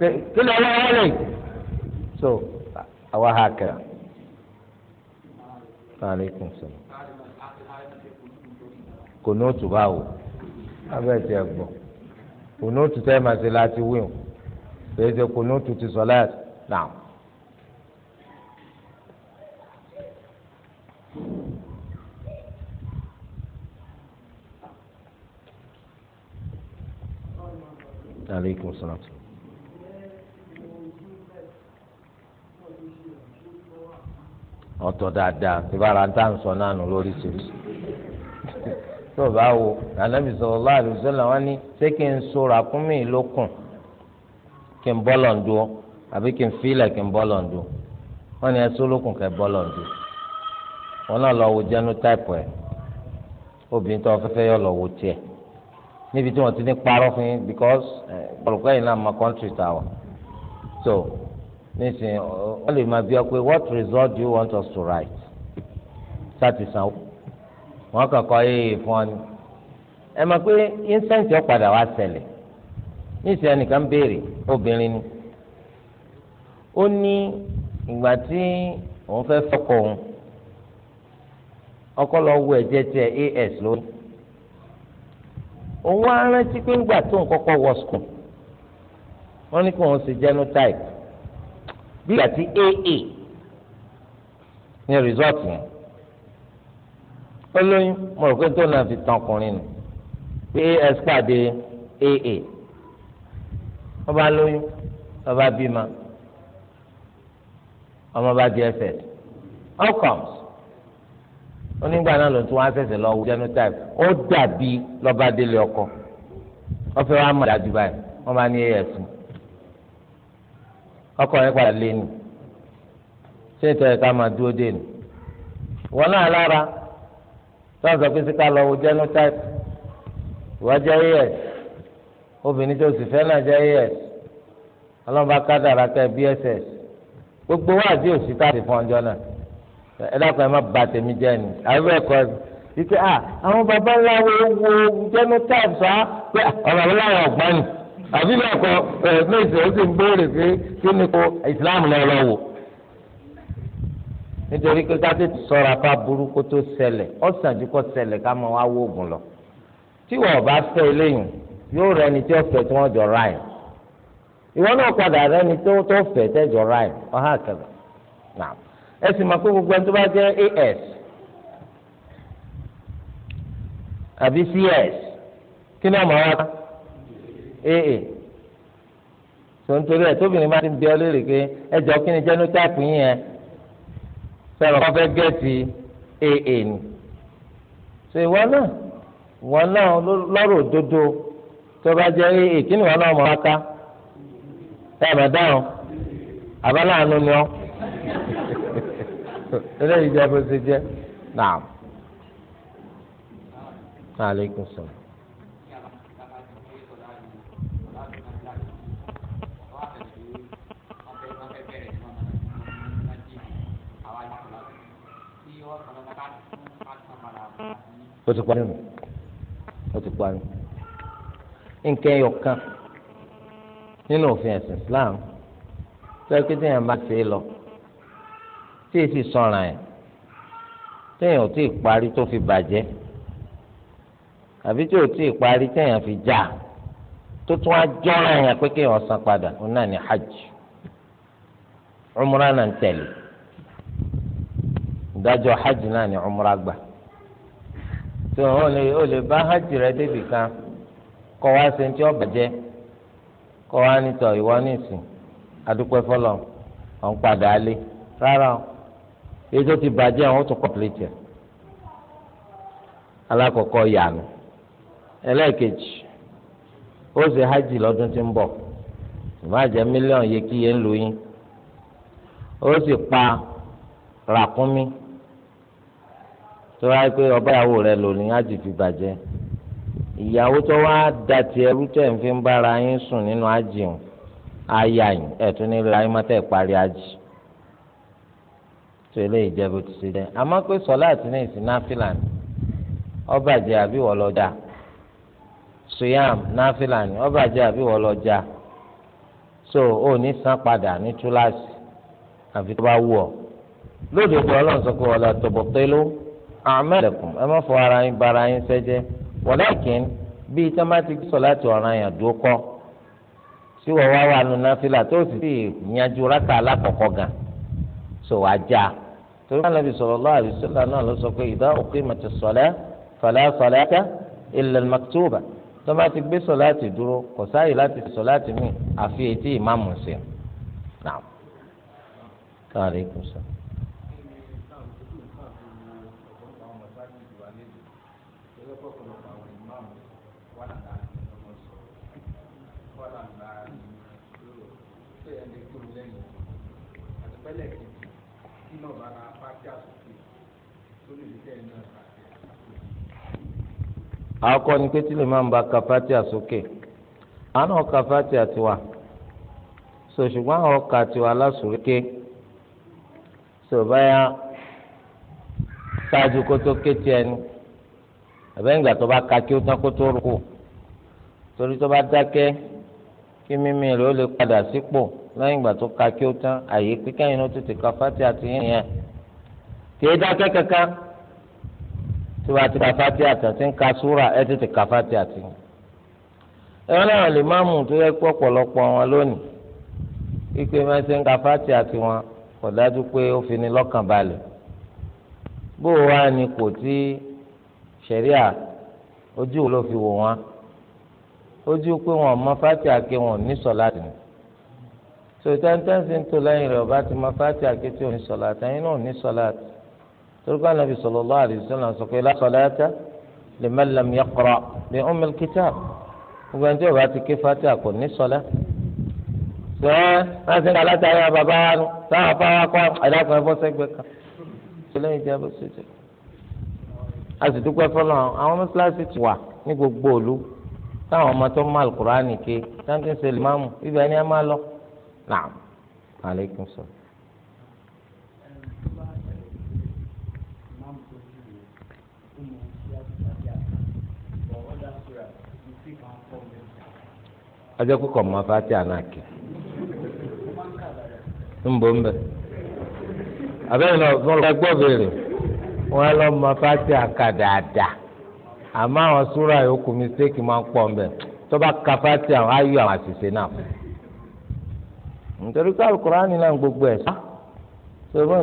kí ni ọwọ́ wọn lẹ́yìn so àwa ha kẹ́ra aleykum salaam kò ní òtún bá wò abẹ́ ti ẹ̀ gbọ́ kò ní òtún tẹ́ ẹ̀ máa ṣe láti wí o kìí ṣe kò ní òtún ti sọ láti nà. aleykum salaam. ọ̀tọ̀ dáadáa ìbára ń tà ń sọ náà nù lórí tìrì tó o bá wo ànábì sallallahu alaihi wasallam wọn ní ṣé kí n so ràkúnmí lókùn kí n bọ́lọ̀ ń dúró àbí kí n fílẹ̀ kí n bọ́lọ̀ ń dúró wọn ní ẹsọ lókùn kẹ bọ́lọ̀ ń dúró wọn náà lọ wo genotype ẹ obìnrin tó fẹ́fẹ́ yọ lọ wo tiẹ̀ níbi tí wọ́n ti ní parọ́ fún yín because eh, ọ̀pọ̀lọpọ̀ yìí náà mọ country tàwa so nísìnyí wọ́n le máa bí ọ what result do you want us to write sáti sanwó wọ́n kàn kọ́ yéye fún ọ ni ẹ mọ̀ pé incent yọ padà wá ṣẹlẹ̀ nísìnyí ẹnìkan béèrè obìnrin ni ó ní ìgbà tí òun fẹ́ fọkọ òun ọkọ lọ as lónìí òun á rántí pé ńgbà tó ń kọ́kọ́ wọ skul wọ́n ní kí òun genotype bí àti aa ní resort yẹn olóyún mo rò pé tó náà fi tan ọkùnrin nù pé as pàdé aa wọ́n bá lóyún wọ́n bá bímọ ọmọ bá di ẹsẹ̀ outcomes onígbà náà ló tún wá ṣẹ̀ṣẹ̀ lọ wo genotype ó dàbí lọ́ba délé ọkọ wọ́n fẹ́ wá mọ̀ dájú báyìí wọ́n bá ní as mu ọkọ rẹ padà lé ni ṣé ìtọ́ ẹ̀ka máa dúró dé ni wọn náà lára tó ń sọ pé síta lọ wo genotype ìwà jẹ́ as obìnrin tó sì fẹ́ náà jẹ́ as ọlọ́mọba kádàrá kẹ́ bss gbogbo wa àti òsì káàdì fún ọjọ́ náà ẹ dákun ẹ má bà tèmi jẹ́ ni àwọn ẹ̀kọ́ wípé àwọn baba wo genotype sá pé ọ̀rọ̀ ńlá ọ̀gbọ́n ni. àbí lọ́kọ̀ ẹ̀ ó sì ń béèrè pé kí islam lọ lọ wò. nítorí pé ká tètè sọ̀rọ̀ apá burúkú tó ṣẹlẹ̀ ọ̀sán ju ká lọ. tí wọ́n bá fẹ́ eléyìí yóò rẹ ẹni tí ó fẹ́ tí wọ́n jọ ra ẹ̀. ìwọ náà ẹni tó tó fẹ́ tẹ́ jọ ra ẹ̀ ọ̀hán àkàrà. ẹ sì máa gbogbo ẹni as àbí cs aa sọ̀ntorí ẹ̀ tóbìnrin bá ti ń bí ọ léèrè pé ẹ jọ kí ni genotype yín yẹn sọ̀rọ̀ aa ni ṣe ìwọ náà ìwọ náà lọ́rọ̀ òdodo tó bá jẹ́ aa kí ni ìwọ náà mọ̀ wá ẹ bá dáhùn àbáláàánú ni ọ́ eléyìí jẹ́ bó ṣe ó ti parí nù ti parí kan nínú òfin ẹ̀sìn Islam tó pé téèyàn bá ṣe si lọ tí èsì sọ̀ràn ẹ̀ téèyàn ò tí parí tó fi bàjẹ́ àbí tí ò tí parí fi já tó tún á jọ́ra yẹn pé san padà o náà ní hajj umra náà ń tẹ̀lé hajj náà ní umra gbà. tó o lè o lè bá hajj rẹ débì kan kọ́ wá ṣe ti ọ̀bàjẹ́ kọ́ wá nítọ̀ ìwọ nísìn adúpẹ́ ọ̀n padà lé rárá o ti bàjẹ́ àwọn tó kọ́pìlìtì alákọ̀ọ́kọ́ yànú ẹlẹ́ẹ̀kejì ó ṣe hajj lọ́dún tí ń bọ̀ mílíọ̀nù pa ràkúnmí. tó ọba rẹ lò ní fi bàjẹ́ ìyàwó tó wá da ti ẹrú tẹ̀ ń bára yín sùn nínú ájì hàn nílò ayé má tẹ̀ parí ájì tó eléyìí jẹ́ bó ti ṣe jẹ́ àmọ́ pé sọlá àti ní ìsìn náfìlàní ọbàjẹ́ àbí wọ́n lọ so ó ní san padà ní túláàsì àfi tó bá wù ọlọ́run a'malakum ẹ má fọ ara yín bara yín sẹ́jẹ́ walakin bíi tẹ́mátìkì sọ̀láàtì ọ̀ràn yẹn dúró kọ́ tí wọ́n wá wà nù náfìlà tó sì sì yanjú rákà alákọ̀ọ́kọ́ gan so wàá já torí wọn nàbì sallallahu alaihi wasallam náà ló sọ pé idha uqimatis salah fala salata illa al-maktuba tọ́ba ti gbé sọ̀láàtì dúró kò sáàyè láti sọ̀láàtì mi àfi etí ìmáàmù sí i.
àkọ́kọ́ ni pé tí lè máa ń ba kàfátì àsókè àánú kàfátì àtiwà
so ṣùgbọ́n àwọn ọkà àtiwà lásòrókè so báyà ṣáájú kó tó ké tiẹ̀ ni àbẹ́ǹgbà tó bá ka kí ó tán kó tó rúkú torí tó bá dákẹ́ kí mímí rẹ̀ ó lè padà sípò lẹ́yìn ìgbà tó ka kí ó tán àyè pé kẹ́yìn ló tètè kàfátì àti yẹn kì í dákẹ́ kankan tí wàá ti ka fati àtà tí ń ka súra ẹ tètè ka fati àti. ẹ̀rọ náà lè má mú tó yẹ kó ọ̀pọ̀lọpọ̀ wọn lónìí wípé máa ṣe ń ka fati àti wọn kò dájú pé ó fi ni lọ́kàn balẹ̀. bó o wá ní kò tí ṣẹ̀ríà ojú wo ló fi wò wọn ojú pé wọn mọ fati àti wọn ní sọ̀lá dì ní. sòtẹ́ńtẹ́ńsì ń tò lẹ́yìn rẹ̀ ọba ti mọ fati àti tí ò ní sọ̀lá àtẹ̀yìn náà ò ní sọ̀lá àti torúkọ anabi sallallahu alaihi wasallam sọ pé la salata liman lam yaqra bi ummil kitab gbogbo ẹni tí yorùbá ti ké fatiha kò ní sọlá sọ ẹ náà sẹ ń kalata yà bàbá wa nù sáà fà wà kọ àdàkọ ẹ bọ sẹgbẹ kan sọlá yìí jẹ bó ṣe jẹ a sì ti wà ní gbogbo òlu táwọn ọmọ tó má alukur'ani ké táwọn ti ń ṣe lè máàmù naam aleykum salaam. ọjọ́ kúkọ̀ mọ́ fati ànáàkì
ń bọ̀ ń náà fún ọ̀rọ̀ ẹgbọ́ béèrè
wọ́n lọ mọ́ fati àkà dáadáa àmọ́ àwọn mistake máa ń pọ̀ ka fati àwọn ayọ̀ àwọn àṣìṣe náà. nítorí ụkọrọ alukur'an ni náà gbogbo ẹ̀ sọ̀rọ̀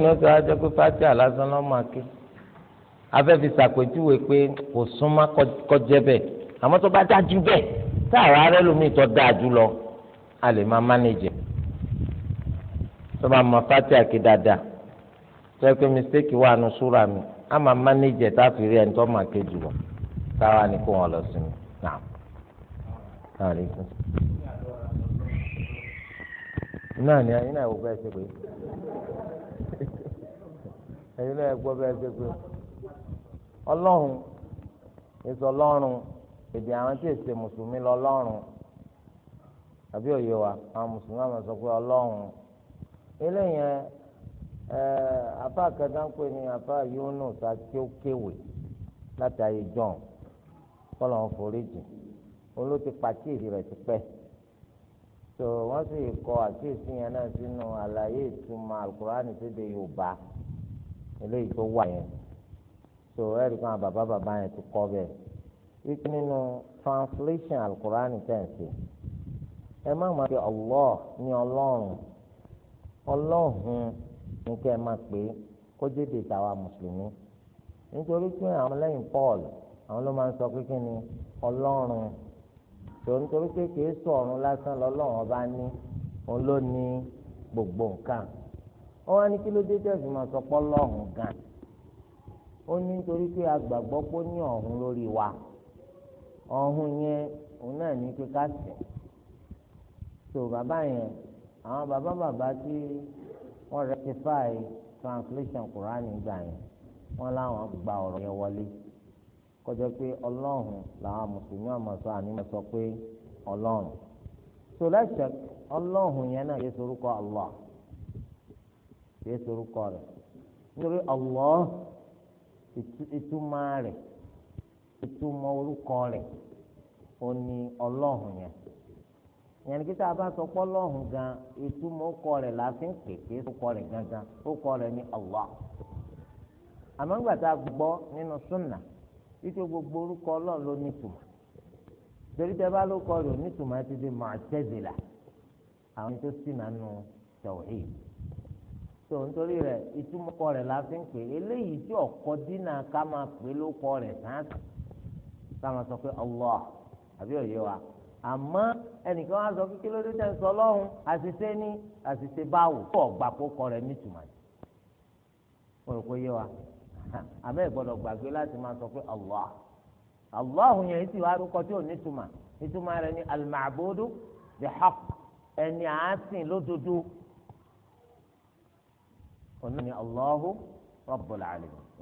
àlásán náà máa ké afẹ́fi sàpèjúwe pé kò súnmọ́ bẹ́ẹ̀ àmọ́ tá àrà rẹ lómi tó dáa jùlọ a lè máa mánéjì tó bá mọ fati àkè dáadáa tó yẹ pé mistake wà nù súra mi a máa mánéjì tá a fi rí ẹni tó máa ké jùlọ táwa ni kó wọn lọ sí mi náà. náà ni ẹ̀yin náà wò bẹ́ẹ̀ ṣe pé ẹ̀yin náà gbọ́ bẹ́ẹ̀ ṣe pé ọlọ́run èso èdè àwọn tí èsè mùsùlùmí lọ lọ́rùn àbí òye wa àwọn mùsùlùmí àwọn sọ pé ọlọ́run eléyẹn ẹ afa kẹta ń pè ní afa Yunus àti òkèwè látàrí John kọlọ̀ ń foríjì olóòtú pàtíìsì rẹ̀ ti pẹ́ so wọ́n sì kọ àkíyèsí yẹn náà sínú àlàyé ìtumọ̀ alukurani tó de Yorùbá eléyìí tó wà yẹn so ẹ̀rí kan bàbá bàbá yẹn ti kọ́ bẹ́ẹ̀. wípé nínú translation alukurani tẹ̀sí ẹ má máa pe Allah ní ọlọ́run ọlọ́hun ní kẹ́ ẹ máa pè é kó jẹ́dẹ̀ tàwa mùsùlùmí nítorí pé àwọn lẹ́yìn Paul àwọn ló máa ń sọ pé kí ọlọ́run tó nítorí ọba ní gbogbo nǹkan wá ní kí ló dé tẹ̀sí máa sọ pé ọlọ́run gan ó ní nítorí pé ọ̀hún yẹn òun náà ní pé sẹ̀ so bàbá yẹn àwọn bàbá bàbá tí wọ́n rectify translation Quran gbà yẹn wọ́n láwọn gba ọ̀rọ̀ yẹn wọlé kọjá pé ọlọ́run làwọn mùsùlùmí àmọ̀sọ àní sọ pé ọlọ́run so lẹ́sẹ̀ ọlọ́run yẹn náà yẹ sorúkọ sorúkọ rẹ̀ nítorí rẹ̀. ìtumọ̀ orúkọ rẹ̀ ó ní ọlọ́hun yẹn yẹn ní kíkà ga sọ pé ọlọ́hun gan ìtumọ̀ orúkọ rẹ̀ láti ń pèké orúkọ rẹ̀ gangan orúkọ gbogbo orúkọ ọlọ́run ló nítumọ̀ torí tẹ bá lórúkọ rẹ̀ onítumọ̀ ẹ ti di Mu'tazila àwọn tó sì máa nu tauhid nítorí rẹ̀ ìtumọ̀ orúkọ rẹ̀ láti ń pè eléyìí tí ọ̀kọ́ dínà ká máa pè táwọn sọ pé Allah àbí òye wa àmọ́ ẹnìkan wá sọ kíkí lórí tẹ̀ sọ lọ́hùn àṣìṣe ní àṣìṣe báwò tó ọ̀gbà kó kọ rẹ̀ nítumọ̀ ní. mo rò pé yé wa àmọ́ ẹ̀ gbọ́dọ̀ gbàgbé láti máa sọ pé Allah Allah yẹn ti wá rúkọ tí ò nítumọ̀ nítumọ̀ rẹ̀ ní al-ma'budu bihaq ẹni àásìn lódodo òun ni Allahu rabbul alamin.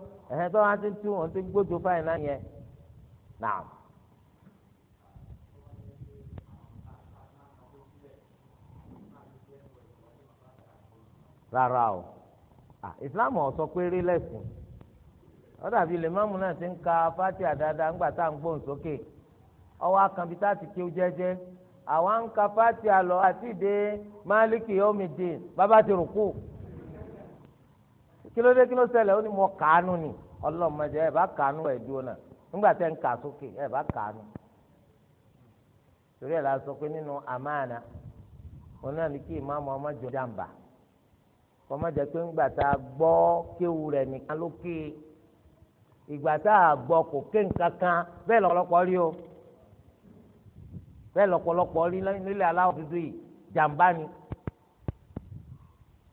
ehe tó wá ti tú wọn ti gbójú báyìí náà yẹn náà. rárá o islam ò sọ pé rí lẹ́sìn ó dàbí lèmọ́mù náà ti ń ka fati àdáadáa tá à ń gbóhùn sókè ọwọ́ tá a ti kí ó jẹ́jẹ́ àwa ń ka fati àlọ́ àti ìdè máàlìkì kí ló dé kí ló mo kàánú ni ọlọ́mọdé ẹ bá kàánú ẹ dúró náà nígbà tẹ́ ń kà sókè ẹ bá kàánú. torí ẹ̀ la sọ pé nínú àmàna òun náà ní kí ìmáàmù ọmọ jọ jàǹbá ọmọ jẹ pé ńgbà tá a gbọ́ kéwu rẹ̀ nìkan lókè ìgbà tá a gbọ́ kò ké nǹkan kan bẹ́ẹ̀ lọ́pọ̀lọpọ̀ rí o bẹ́ẹ̀ lọ́pọ̀lọpọ̀ rí nílẹ̀ aláwọ̀ dúdú yìí jàǹbá ni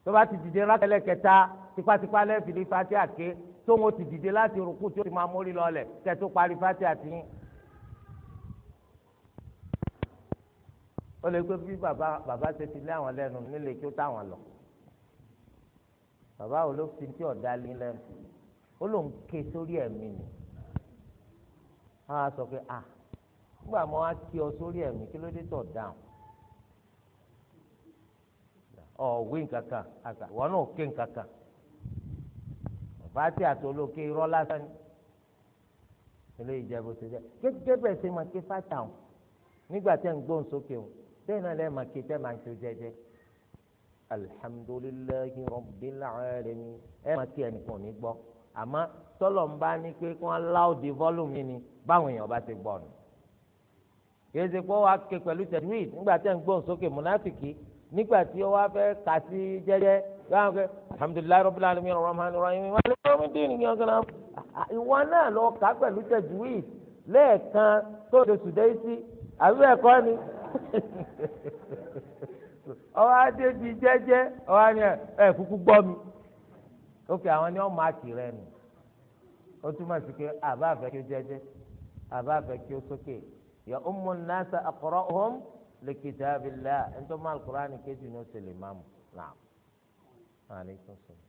tó bá ti dìde rákẹ́lẹ́ kẹta tipátipá lẹ́ẹ̀fì ní fati àké tó wọn ti dìde láti rúkú tí ó ti máa mórí lọlẹ̀ tẹ̀tú parí fati àti yín. ó lè gbé bí bàbá bàbá ṣe ti lé àwọn lẹ́nu nílé kí ó táwọn lọ bàbá wo ló fi tí ọ̀dà lé lẹ́nu ó lòun ké sórí ẹ̀mí ni wọ́n sọ pé ah nígbà mo á kí ọ sórí ẹ̀mí kí ló dé tọ̀ dáhùn ọ̀wé nǹkan kan àgbà wọn náà ké nǹkan kan fàtí àtolókè irọ́ lásán eléyìí jẹ́ bó ṣe jẹ́ gẹ́gẹ́ bẹ́ẹ̀ ṣe máa ké fàtà o nígbà tẹ́ ń gbóhùn sókè o bẹ́ẹ̀ náà lẹ́ẹ̀ máa ké tẹ́ máa tó jẹ́jẹ́ alihamudulilayi rabbil alamin ẹ máa ké ẹnìkan ò ní gbọ́ àmọ́ tọ́lọ̀ ń bá ní pé kí láòdì fọ́lùmù yìí ni báwọn èèyàn bá ti gbọ́ nù kì í ṣe pé wàá ké pẹ̀lú tẹ̀síwìd nígbà tẹ́ ń gbóhùn sókè múnáfìkì nígbà tí ó wá fẹ́ kà sí jẹ́jẹ́ báwọn kẹ alhamdulilayi rabbil alamin rahman rahim maliki yawmi din ní ọ̀gá ìwọ náà lọ kà pẹ̀lú tajwid lẹ́ẹ̀kan tó de sùdẹ́ sí àbí ẹ̀kọ́ ni ọwọ́ adé ti jẹ́jẹ́ ọwọ́ ni ẹ̀ kúkú gbọ́ mi ókè àwọn ni wọ́n máa kì rẹ nù ó túmọ̀ sí pé àbá àfẹ́ kí ó jẹ́jẹ́ àbá àfẹ́ kí ó sókè yà ummu nasa aqra'uhum li kitabillah ẹ̀ ń tó máa al-Qur'ani kejì ní ó sì lè máa mú náà aleykum salaam.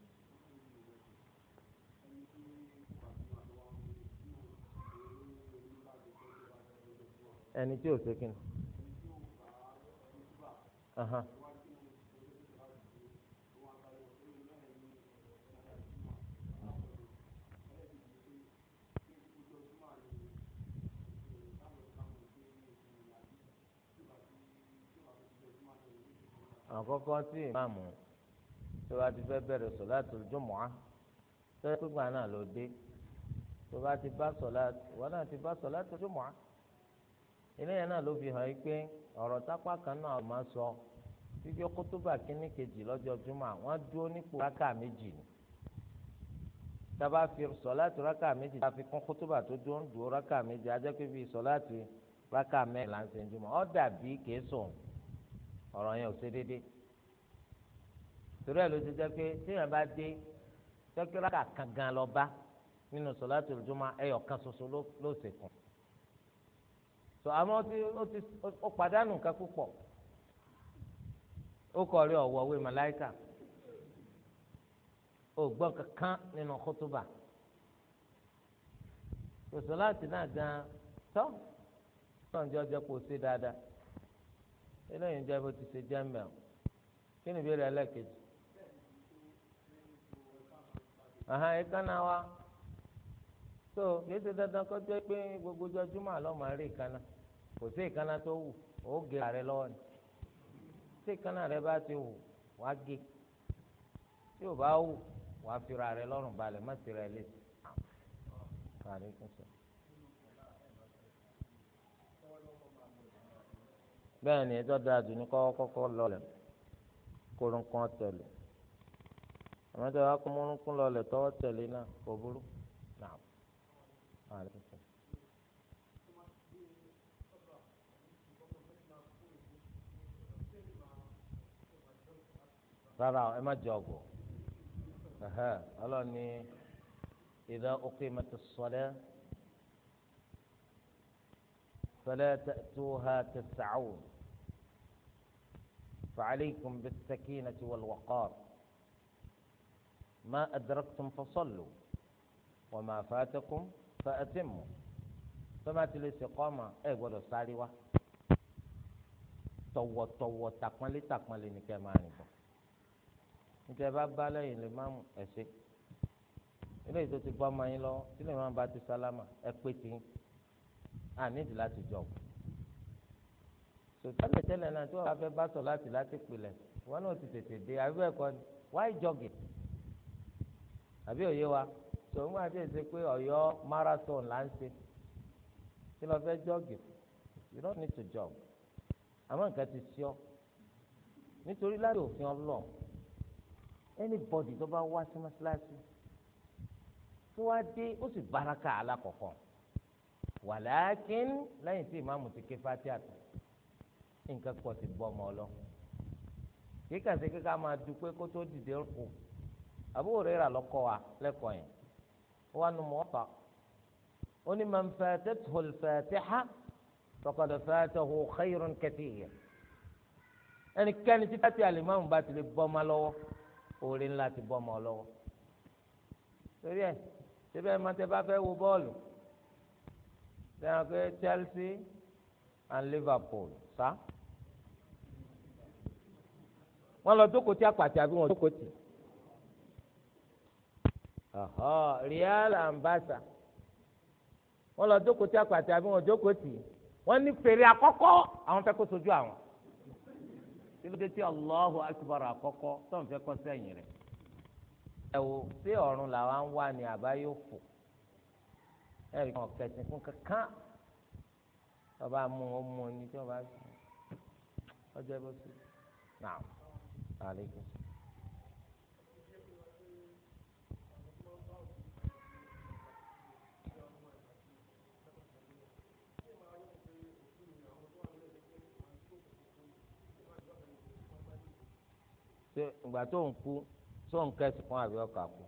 ẹni tí ò ṣe kí ni. àkọ́kọ́ tí ìmáàmù tó bá ti fẹ́ bẹ̀rẹ̀ sọ̀láàtì jùmọ̀á tó yẹ gbígbà náà ló dé tó bá ti bá sọ̀láàtì wọn náà ti bá sọ̀láàtì jùmọ̀á eléyà náà ló fi hàn yí pé ọ̀rọ̀ tápá kan náà máa sọ fífi kótóbà kínní kejì lọ́jọ́ jùmọ̀ wọ́n dúró nípò rákà méjì ni tábà fi sọ̀láàtì rákà méjì tá a fi kún kótóbà tó dúró ń dúró rákà méjì ajẹ́ pé fi sọ̀láàtì rákà mẹ́rin là jùmọ̀ ọ́ dàbí kèésùn ọ̀rọ̀ yẹn ò ṣe déédéé torí ẹ̀ ló ti jẹ́ pé téèyàn bá dé tẹ́kíráàkà kan gan lọ bá nínú sọ̀láàtì ìjọba ẹyọ kan ṣoṣo ló ṣe kàn tó àmọ́ ó ti ó pàdánù nǹkan púpọ̀ ó kọ̀ rí ọ̀wọ́ wé màláìkà ó gbọ́ kankan nínú kótóbà sọ̀láàtì náà gan tọ́ náà jẹ́ ọjọ́ kó o dáadáa eléyìí ń jẹ́ bó ti ṣe jẹ́ mẹ́ọ̀ kí ni ìbéèrè ẹlẹ́kejì. Aha, èékánná wa so kìí dandan kó gbogbo ojoojúmọ́ àlọ́ máa rí kò sí ìkánná tó wù ó gé ààrẹ ni tí rẹ bá ti wù wá gé tí ò bá wù wá fira rẹ lọ́rùn balẹ̀ má ti rẹ lé bẹ́ẹ̀ ni ẹjọ́ àmọ́tẹ́ wa kún múrúnkún lọlẹ̀ tọ́wọ́ tẹ̀lé náà kò burú náà. rárá ẹ má jẹ ọgọ ọlọ́ni idha uqimatis salah fala ta'tuha tas'un fa'alaykum bis sakinati wal waqar. ما أدركتم فصلوا وما فاتكم fatakum فما atimmu tọ́ba ti lè ṣèkọ́ ọmọ ẹ gbọ́dọ̀ sáré wá tọ̀wọ̀tọ̀wọ̀ tàpọ́nlé tàpọ́nlé ní kẹ́ máa rìn bọ̀ níta ẹ bá bá lẹ́yìn lè má mú ẹ̀ṣẹ́ ilé ìtò ti bọ́ ọmọ yín lọ tí lè má ba ti sálámà ẹ pé tí à nídìí láti jọ sòtẹ́lẹ̀ tẹ́lẹ̀ náà tí wọ́n bá fẹ́ bá sọ láti láti pilẹ̀ wọn náà ti tètè dé àbí ẹ̀kọ́ why jogging àbí òye wa tó ń gbà tí èsì pé Ọ̀yọ́ marathon là ń ṣe kí lọ fẹ́ jọ́ọ̀gì you don't need to jog àmọ́ nǹkan ti ṣí ọ nítorí láti òfin ọlọ́ọ̀ anybody tó bá wá sí mọ́ṣáláṣí tó wá dé ó sì baraka alákọ̀ọ́kọ́ wàlákín lẹ́yìn tí ìmáàmù ti ké fati àtà nǹkan kọ̀ ti bọ́ ọmọ ọlọ́ kíkà sí kíkà máa dúpẹ́ kó tó dìde rúkú Abu Hurairah lọ́kọ́ wa lẹ́kọ̀ọ́ yẹn wọn nu Muwatta ó ní man fatathu al-Fatiha faqad fatahu khayrun kathir ẹnikẹ́ni tí fati alimami bá ti lè bọ́ ma lọ́wọ́ oore ńlá ti bọ́ ma lọ́wọ́ torí ẹ síbẹ̀ máa tẹ bá fẹ́ wo bọ́ọ̀lù lẹ́yìn pé Chelsea and Liverpool sá wọ́n lọ jókòó àpàtì àbí wọ́n jókòó ọ̀họ́ Real Ambassador wọn lọ jókòó tí àpàtì àbí wọn jókòó tì ní fèrè àkọ́kọ́ àwọn fẹ́ kó sojú àwọn síbi tí Allahu Akbar àkọ́kọ́ tó ń fẹ́ kọ́ sẹ́yìn rẹ̀ ẹ sí ọ̀run wà ní ẹ̀rí kan fún kankan mú un mú un ní tí wọ́n bá sùn ọjọ́ ṣe ìgbà tó ń kú tó ń kẹsì fún àbí ọkà kú.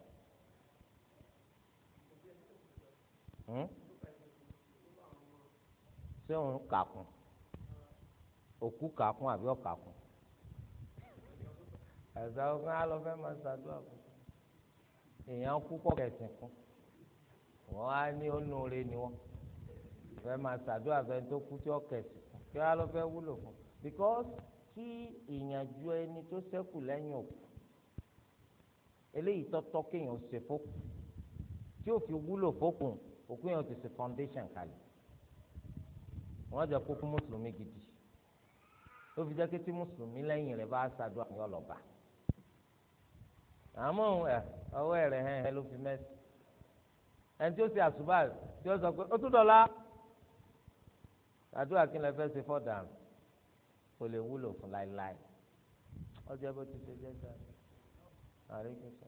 Hmm? ṣé òun kàkùn òkú kàkùn àbí ọkà kù. ẹ̀sà ọ̀gá lọ fẹ́ máa ṣàdúrà fún èèyàn kú pọ̀ kẹsì fún wọ́n á ní onúure ni wọ́n fẹ́ máa ṣàdúrà fẹ́ tó kú tí ọ̀kẹsì fún kí wọ́n á lọ fẹ́ wúlò fún because kí ìyànjú ẹni tó ṣẹ́kù lẹ́yìn òkú eléyìí tọ́tọ́ kéèyàn ṣe fókù tí ó fi wúlò fókù òkú yẹn ti ṣe foundation kalẹ̀ wọ́n jẹ́ kókó mùsùlùmí gidi ó fi jẹ́ kí tí mùsùlùmí lẹ́yìn rẹ̀ bá ṣàdúrà ní ọlọ́ba àmọ́ ẹ ọwọ́ ẹ̀rẹ̀ hẹ́n ẹ ló fi mẹ́sì ẹni tí ó ṣe àṣùbà tí ó sọ pé ó tún dọ̀la àdúrà kí n lè fẹ́ ṣe fọ́ dànù kò lè wúlò fún láéláé ọjọ́ bó ti ṣe jẹ́ sáré àríkún sọ.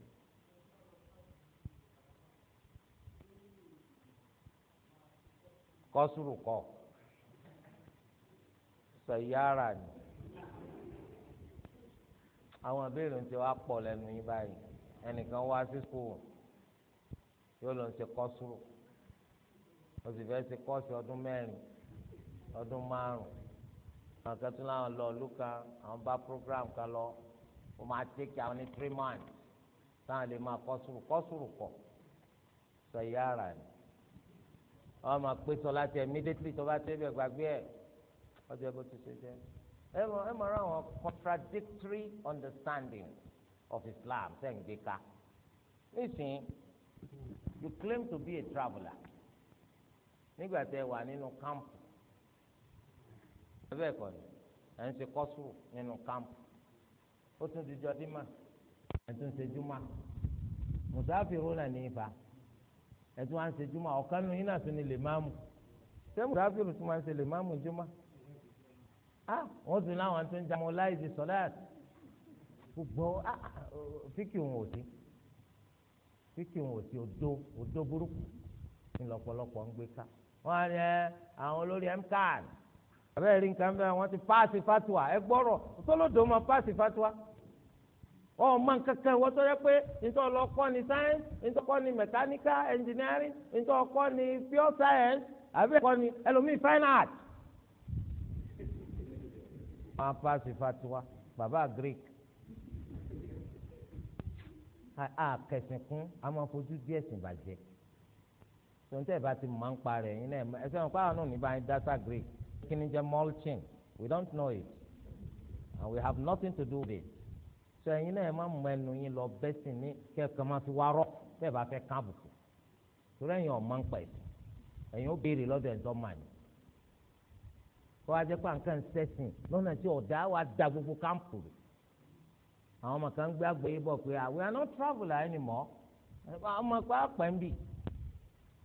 kọ́sùrù kọ́ sọ̀yàrá ni àwọn ìbéèrè ń ti wá pọ̀ lẹ́nu yín báyìí ẹnìkan wá sí skul yóò lọ ṣe kọ́sùrù o sì fẹ́ ṣe kọ́ọ̀sì ọdún mẹ́rin ọdún márùn-ún àwọn kan tún láwọn lọ ìlú kan àwọn bá program kan lọ wọ́n máa tẹ́kì àwọn ní three months táwọn lè máa kọ́sùrù kọ́sùrù kọ̀ sọ ìyá ara ni wọ́n máa pé sọ láti ẹ̀ immediately tó bá tẹ́ bẹ̀ gbàgbé ẹ̀ ọjọ́ bó ti ṣe jẹ́ ẹ mọ̀ ẹ mọ̀ àwọn contradictory understanding of Islam ṣe ń gbé ká nísìnyí you claim to be a traveller nígbà tẹ́ wà nínú kámpù ẹbẹ ẹkọ ni à ń ṣe kọsù nínú kámpù ó tún ti jọ dímà ẹtún ṣe júmà mùsàáfìrú náà ní ifá ẹtún wá ń ṣe júmà ọ̀kan nínú yín náà tún ní lè máàmù ṣé mùsàáfìrú tún máa ń ṣe lè máàmù júmà á wọn tún láwọn tún jámọ láì ṣe sọláàtì gbogbo fíkì òun ò sí fíkì òun ò sí odó odó burúkú ní lọ́pọ̀lọpọ̀ ń gbé ká wọn á rẹ àwọn olórí mcan abẹ́rẹ́ rí nǹkan bẹ́ẹ̀ wọ́n ti páàsì fatuwa ẹ gbọ́rọ̀ sọlọ́dọ̀ ọmọ páàsì fatuwa ọmọ nǹkankan wọ́n sọ́dọ̀ pé nítorí ọlọ́kọ́ ni science nítorí ọkọ́ ni mechanical engineering nítorí ọkọ́ ni pure science àbí ọkọ́ ni ẹlòmíì fine art. wọ́n páàsì fatuwa bàbá Greek àkẹsìn kún a máa fojú díẹ̀ sìn bàjẹ́ tontẹ́ bá ti máa ń parẹ́ yín náà ẹ̀sẹ̀ wọn pààrọ̀ náà ní bá yín dá sá Greek kini mulching we don't know it and we have nothing to do with it so ẹ̀yin náà ẹ má mú ẹnu yín lọ bẹ́ sí ní kẹ́kọ̀ọ́ máa fi wá rọ́ bẹ́ẹ̀ bá fẹ́ kán àbùkù torí ẹ̀yin ọ̀ma ń pẹ̀ sí ẹ̀yin ó béèrè lọ́dọ̀ ẹ̀ dọ́mà ni kó wá jẹ́ pé à ń kàn sẹ́sìn lọ́nà tí ọ̀dà wa da gbogbo kámpù rẹ̀ àwọn ọmọ kan gbé àgbẹ̀ yìí bọ̀ pé ah, we are not traveller anymore ọmọ pàápàá ń bì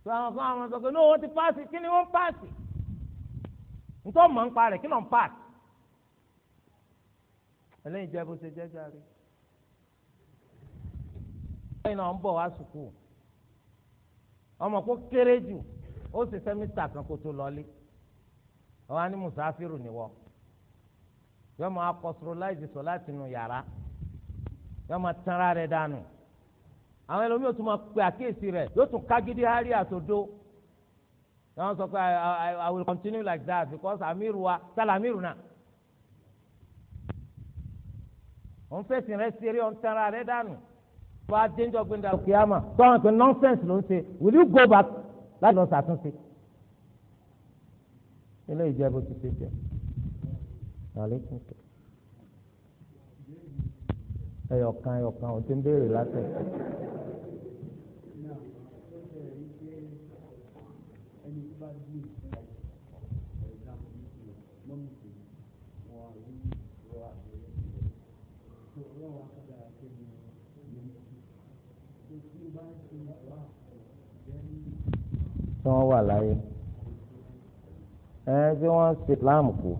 tó àwọn kan àwọn sọ pé no wọ́n ti paasi kí ni wọ́n paasi. nítorí mọ̀ ń pa rẹ̀ kí ló ń pa ẹlẹ́yin jẹ́ bó ṣe jẹ́ náà ń bọ̀ wá sùkúù ọmọ kó kéré jù ó sì kan kó tó lọlé ọmọ ní mùsàáfírù nìwọ yọọ máa kọsùrọláìsì sọ láti nu yàrá yọọ máa rẹ̀ dànù àwọn ẹlòmíràn tún máa pe àkíyèsí rẹ̀ yóò tún ni sọ pé I will continue like that because amiru wa salamiru náà òun fẹsẹ̀ rẹ ṣeré ọ̀n tẹ́ra rẹ dànù wọ́n á dénjọ́ gbẹ̀ndà kìámà tọ́wọ́n pé nonsense ló ń ṣe will you go back láti lọ ṣàtúnṣe eléyìí jẹ́ bó ti ṣe jẹ́ àlékún kẹ́ ẹyọkan ẹyọkan ò ti ń béèrè látẹ̀. tí wọ́n wà láyé ẹ bí wọ́n ṣe islam kù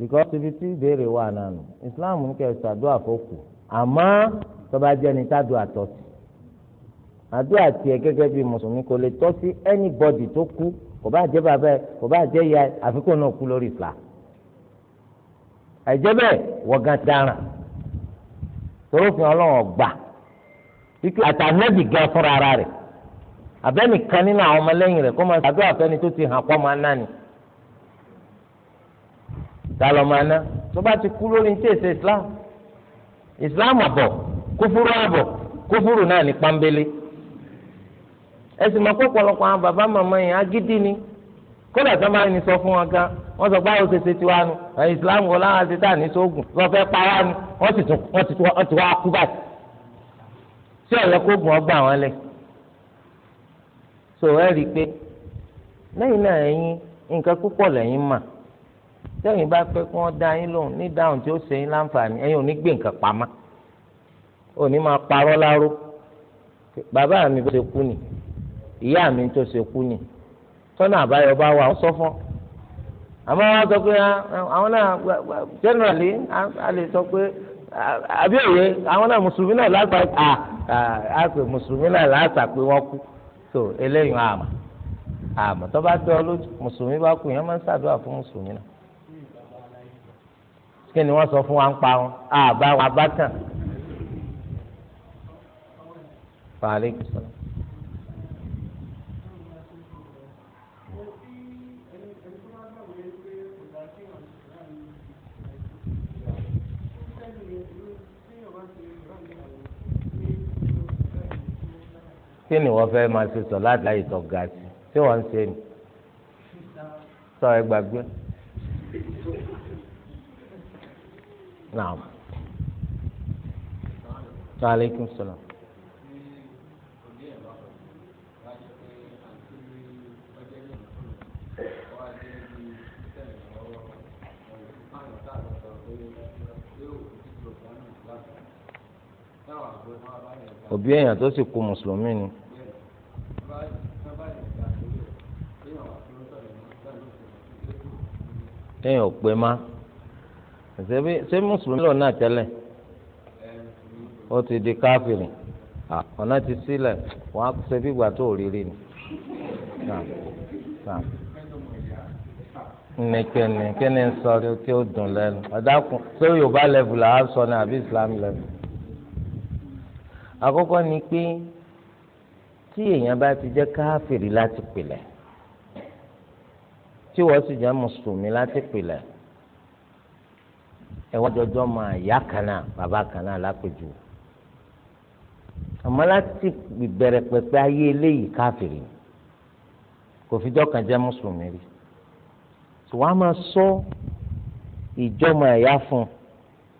because ibi tí ìbéèrè wà nánu islam ń kẹ́ ṣàdúrà fókù àmọ́ tó bá jẹ́ ni tá a dùn àtọ̀sí. àdúrà tiẹ̀ gẹ́gẹ́ bíi mùsùlùmí kò lè tọ́ sí anybody tó kú kò bá jẹ́ bàbá ẹ̀ kò bá jẹ́ ìyá ẹ̀ àfikún náà kú lórí ìfà àìjẹ́ bẹ́ẹ̀ wọ̀gán dáràn torófin ọlọ́run ọgbà wípé àtànẹ́bì gan fúnra ara rẹ̀ abẹ́nìkan nínú àwọn ọmọlẹ́yìn rẹ̀ kó máa ṣàdúrà fẹ́ni tó ti hàn pọ́ máa ná ni dalọ máa ná tó bá ti kú lórí ní tẹ̀sẹ̀ Islam Islam àbọ̀ kúfúrú àbọ̀ kúfúrú náà ní pọ́nbélé ẹsìn máa pọ̀pọ̀lọpọ̀ àwọn baba mama yẹn agídí ni kódà tó máa ní sọ fún wọn gan wọ́n sọ báwo ṣe ṣe tiwa nu Islam wọn láwọn ṣe tà ní sóògùn wọ́n fẹ́ para nu wọ́n ti tún wọ́n ti wá kú báyìí tí ọ̀yọ́ kó gùn ọgbà wọn lẹ̀ so ẹ rí i pé lẹ́yìn náà ẹ̀yin nǹkan púpọ̀ lẹ́yìn mà tẹ́yìn bá pẹ́ kí wọ́n dá yín lóhùn ní dáhùn tí ó ṣe yín láǹfààní ẹ̀yin ò ní gbé nǹkan pamọ́ ò ní máa parọ́ láró bàbá mi bó ṣe kú nìyí ìyá mi tó ṣe kú ni tọ́nà àbáyọ bá wà ó sọ fún àmọ́ wọn sọ pé àwọn náà generally a lè sọ pé àbí òye àwọn náà mùsùlùmí náà láta à pé mùsùlùmí náà láta pé wọ́n kú so eléyìí àmọ́ àmọ́ tó bá tẹ ọ lójú mùsùlùmí bá kú yẹn máa ń ṣàdúrà fún mùsùlùmí náà kí ni wọ́n sọ fún wa ń pa wọn àbá wọn abá tàn. Fàálẹ́ kìsọ̀rọ̀. kí ni wọ́n fẹ́ máa ṣe sọ láti tó ga sí tí wọ́n ń ṣe ni sọ ẹ gbàgbé
Thank you òbí èèyàn
tó sì kú mùsùlùmí ni. èèyàn ò pé má ṣé mùsùlùmí lò náà tẹ́lẹ̀ ó ti di káfíìrì ọ̀nà ti sílẹ̀ wọ́n á ṣe bí ìgbà tó rírí ni. nìkẹ́ni kí ni sọ tí ó dùn lẹ́nu ọ̀dà kún ṣé Yorùbá level là sọ ni àbí Islam level àkọ́kọ́ ni pé tí èèyàn bá ti jẹ́ káfìrí láti pìlẹ̀ tí wọ́n sì jẹ́ mùsùlùmí láti pìlẹ̀ ẹ wá jọjọ́ máa yá kan náà bàbá kan náà lápèjù àmọ́ láti bẹ̀rẹ̀ pẹ̀pẹ̀ ayé eléyìí káfìrí kò fi jọ́kàn jẹ́ mùsùlùmí rí wàá máa sọ ìjọ́mọ̀ ẹ̀yà fún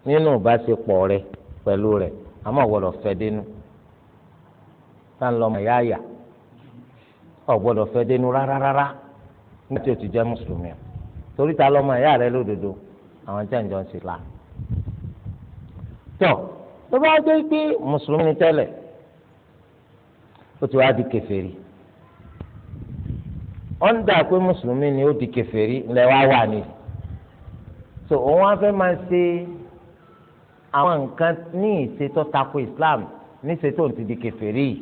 nínú ìbáṣepọ̀ rẹ pẹ̀lú rẹ̀ àmọ́ ọ̀gbọ́dọ̀ fẹ́ dénú tá ń lọ ọmọ ìyá àyà ọ̀gbọ́dọ̀ fẹ́ dénú rárá rárá nígbà tí o ti jẹ́ mùsùlùmí torí ta lọ́mọ ìyá rẹ lódodo àwọn jẹ́ ǹjọ́ sí la. tọ́ tó bá dé pé mùsùlùmí ni tẹ́lẹ̀ ó ti wá di kèfèrí ó ń dà pé mùsùlùmí ni ó di kèfèrí lẹ́wàá wà ní. so òun á fẹ́ máa ṣe àwọn nǹkan ní ìṣètò tako Islam ní ìṣètò ti di kèfèrí yìí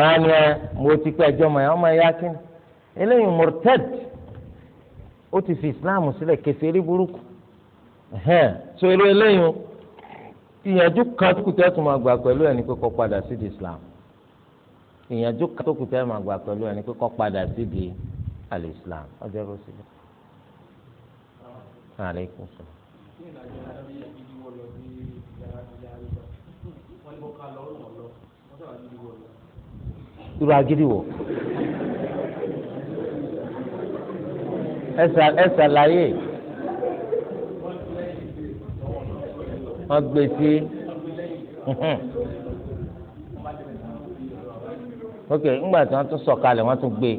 rani ẹ mo ti pé ẹjọ mọ ẹ ọmọ ẹyá kí ni eléyìí murtad ó ti fi Islam sílẹ̀ kèfèrí burúkú so eré eléyìí ìyànjú kan tó kù tẹ́ tó máa gbà pẹ̀lú ẹni pé kó padà sí di Islam ìyànjú kan tó kù tẹ́ máa gbà pẹ̀lú ẹni pé kó padà sí di alẹ́ Islam ọjọ́ ìrọ̀sílẹ̀. Alaikum salaam irú agídí wò
ẹ ṣàlàyé wọn gbé sí ok ńgbà tí wọn tún sọ̀kalẹ̀
wọn tún gbé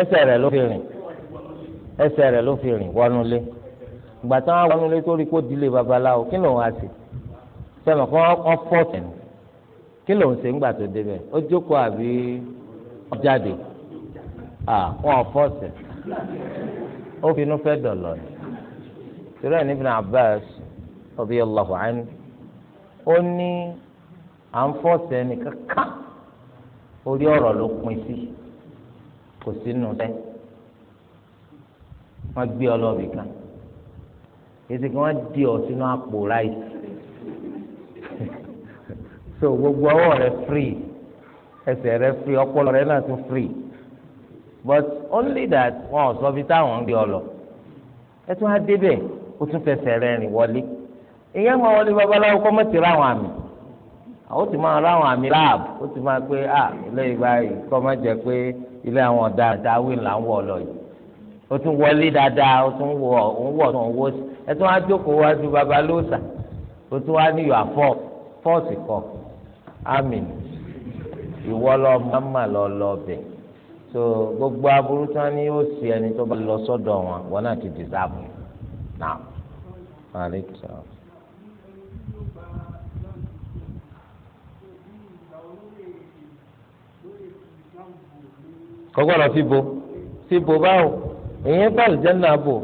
ẹsẹ̀ rẹ̀ ló fi rìn ẹsẹ̀ rẹ̀ ló fi rìn wọnúlé ìgbà tí wọn wọnúlé tó rí kó dilé babaláwo kí ló ń wá sí sẹ́mi kọ́ ọ́ fọ́ọ̀tì ni kí ló ń ṣe ńgbà tó débẹ̀ ó jókòó àbí ọ̀jáde wọn ò fọ́ọ̀tì ó fi inú fẹ́ dọ̀lọ́ ni torí ẹ̀ ní Ibn Abbas radiyallahu anhu ó ní à ń fọ́ọ̀tì ẹni kankan orí ọ̀rọ̀ ló pin sí kò sínú rẹ̀ wọ́n gbé ọ lọ́ọ̀bì kan èsì kí wọ́n di ọ sínú àpò ráìsì so gbogbo ọwọ́ rẹ free ẹsẹ̀ rẹ free ọpọlọ rẹ náà tún free but only that wọn ò sọ fi táwọn ń gbé ọ lọ ẹ tún á débẹ̀ ó tún fẹsẹ̀ rẹ rìn wọlé ìyẹn máa wọlé babaláwo kọ́ mọ́ ti ra àwọn àmì ó ti máa ra àwọn àmì láàbù ó ti máa pé à ah, ilé ìgbà yìí kọ́ má jẹ pé ilé àwọn ọ̀daràn dáwìn là ń wọ̀ lọ yìí ó tún wọlé dáadáa ó tún wọ̀ ó ń wọ̀ tó ń wọ́ sí ẹ tún á jókòó wájú babalóòsà ó tún wá níyọ̀ àfọ́ fọ́ọ̀sì kọ́ amin ìwọ lọ mọ́mà lọ lọ bẹ̀ so gbogbo aburú tí wọ́n ní yóò sí ẹni tó bá lọ sọ́dọ̀ wọn wọn náà ti dìsáàbù náà àríkà. kọ́gbọ́dọ̀ síbo síbo báwo èyí bá àlùjánnà bò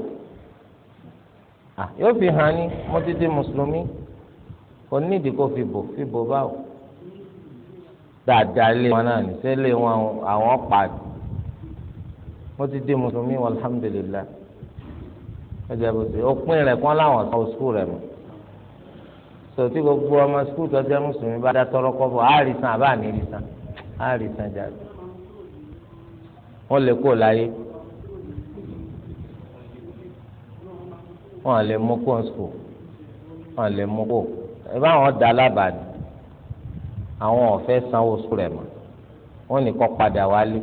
ah, yóò fi hàn ní mọ́títí mùsùlùmí kò nídìí kó fi bò fi bò báwo dáadáa ilé wọn náà níṣẹ́ ilé wọn àwọn pàdé wọ́n ti di mùsùlùmí wọn alhamdulillah ọjà bó ṣe òpin rẹ̀ kán láwọn sọ sukùl rẹ̀ mọ́ sọtí gbogbo ọmọ sukùl tó jẹ́ mùsùlùmí bá dá tọrọ kọ́bọ̀ àárísàn àbá ànírísàn àárísàn jáde wọ́n lè kó láyé wọ́n lè mú kó sukùl wọ́n lè mú kó ẹ bá wọn dá lábàá ni àwọn ọ̀fẹ́ sanwó sùkúl rẹ̀ mọ́ wọ́n ní kó padà wálé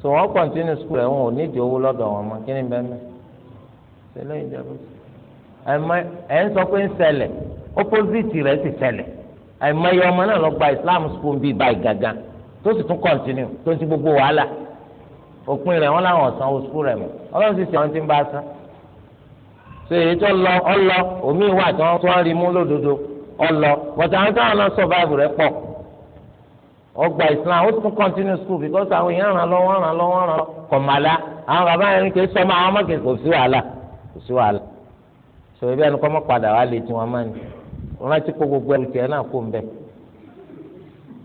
so wọ́n kọ́ntínú sùkúl rẹ̀ wọn ò nídìí owó lọ́dọ̀ wọn mọ́ kí ni bẹ́ẹ̀ mẹ́ ṣẹlẹ̀ ìjọba ẹ̀ ń sọ pé ń ṣẹlẹ̀ opposite rẹ̀ ti ṣẹlẹ̀ àìmọye ọmọ náà lọ gba Islam school bíi báyìí gangan tó sì tún kọ́ntínú tó ń ti gbogbo wàhálà òpin rẹ̀ wọ́n láwọn sanwó sùkúl rẹ̀ mọ́ ọlọ́run sì ọlọ bọ̀tà àwọn táwọn náà survive rẹ̀ pọ̀ ọgbà Islam ó tún continue school because àwọn èèyàn ràn lọ́wọ́ ràn lọ́wọ́ ràn kọ̀mọ̀lá àwọn bàbá yẹn kì í sọmọ àwọn mọ̀kì kò sí wàhálà kò sí wàhálà sọ̀rọ̀ bí ẹni kọ́ mọ́ padà wá lè tiwọn mọ́ ni rántí kó gbogbo ẹrù tiẹ̀ náà kó ń bẹ̀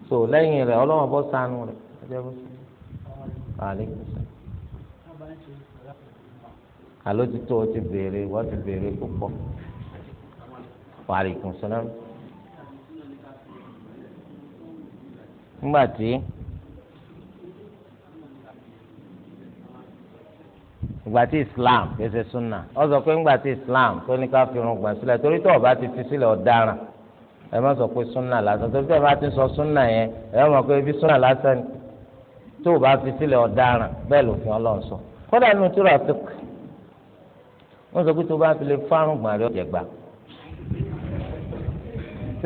so lẹ́yìn rẹ̀ ọlọ́wọ́n bọ́ sánú rẹ̀ ẹjẹ́ bó ti tó o nígbà tí islam kẹsẹ̀ súnà ọ pé islam tó ní ká fi irun gbọ̀n sílẹ̀ torí tó o bá ti fi sílẹ̀ ọ̀daràn ẹ má sọ pé lásán ti sọ yẹn ẹ má pé lásán tó o bá fi sílẹ̀ ọ̀daràn bẹ́ẹ̀ lòfin ọlọ́run sọ kódà nínú sọ pé tó o bá fi lè fárùn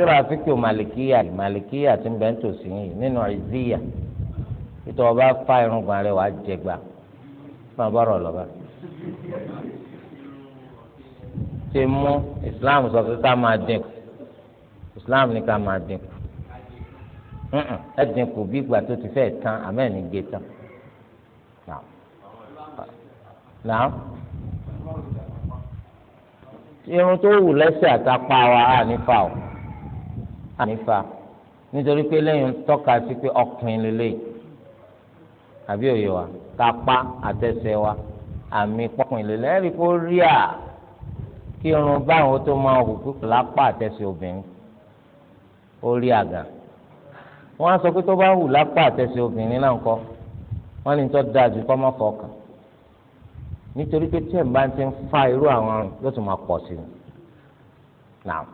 tíra fíkìú màlìkíyà màlìkíyà tí ń bẹ ń tòsí yìí nínú ìzíyà títọ́ ọba fa irungbọ̀n rẹ̀ wàá jẹgba fún abọ́rọ̀ lọ́ba. ti mú islam sọ pé ká máa dínkù islam ní ká máa dínkù ẹ dínkù bí ìgbà tó ti fẹ́ tán àmẹ́ni gé tán. Nàá irun tó wù lẹ́sẹ̀ àtàpá wa á nípa o. Hanifa nítorí pé lẹ́yìn ń tọ́ka sí pé ọkùnrin lélẹ́yìí àbí òye wa kápá àtẹsẹ̀ wa àmì pọ́kùnrin lélẹ́yìí ẹ̀rí kó rí à kí irun báwọn tó máa hù kúkú lápá àtẹsẹ̀ obìnrin ó rí àgà wọ́n á sọ pé tó bá hù lápá àtẹsẹ̀ obìnrin náà kọ́ wọ́n ní tó dáa ju kọ́ mọ́ fọ́ọ̀kan nítorí pé tí ẹ̀ bá ti ń fa irú àwọn yóò tún máa pọ̀ sí i. Naam.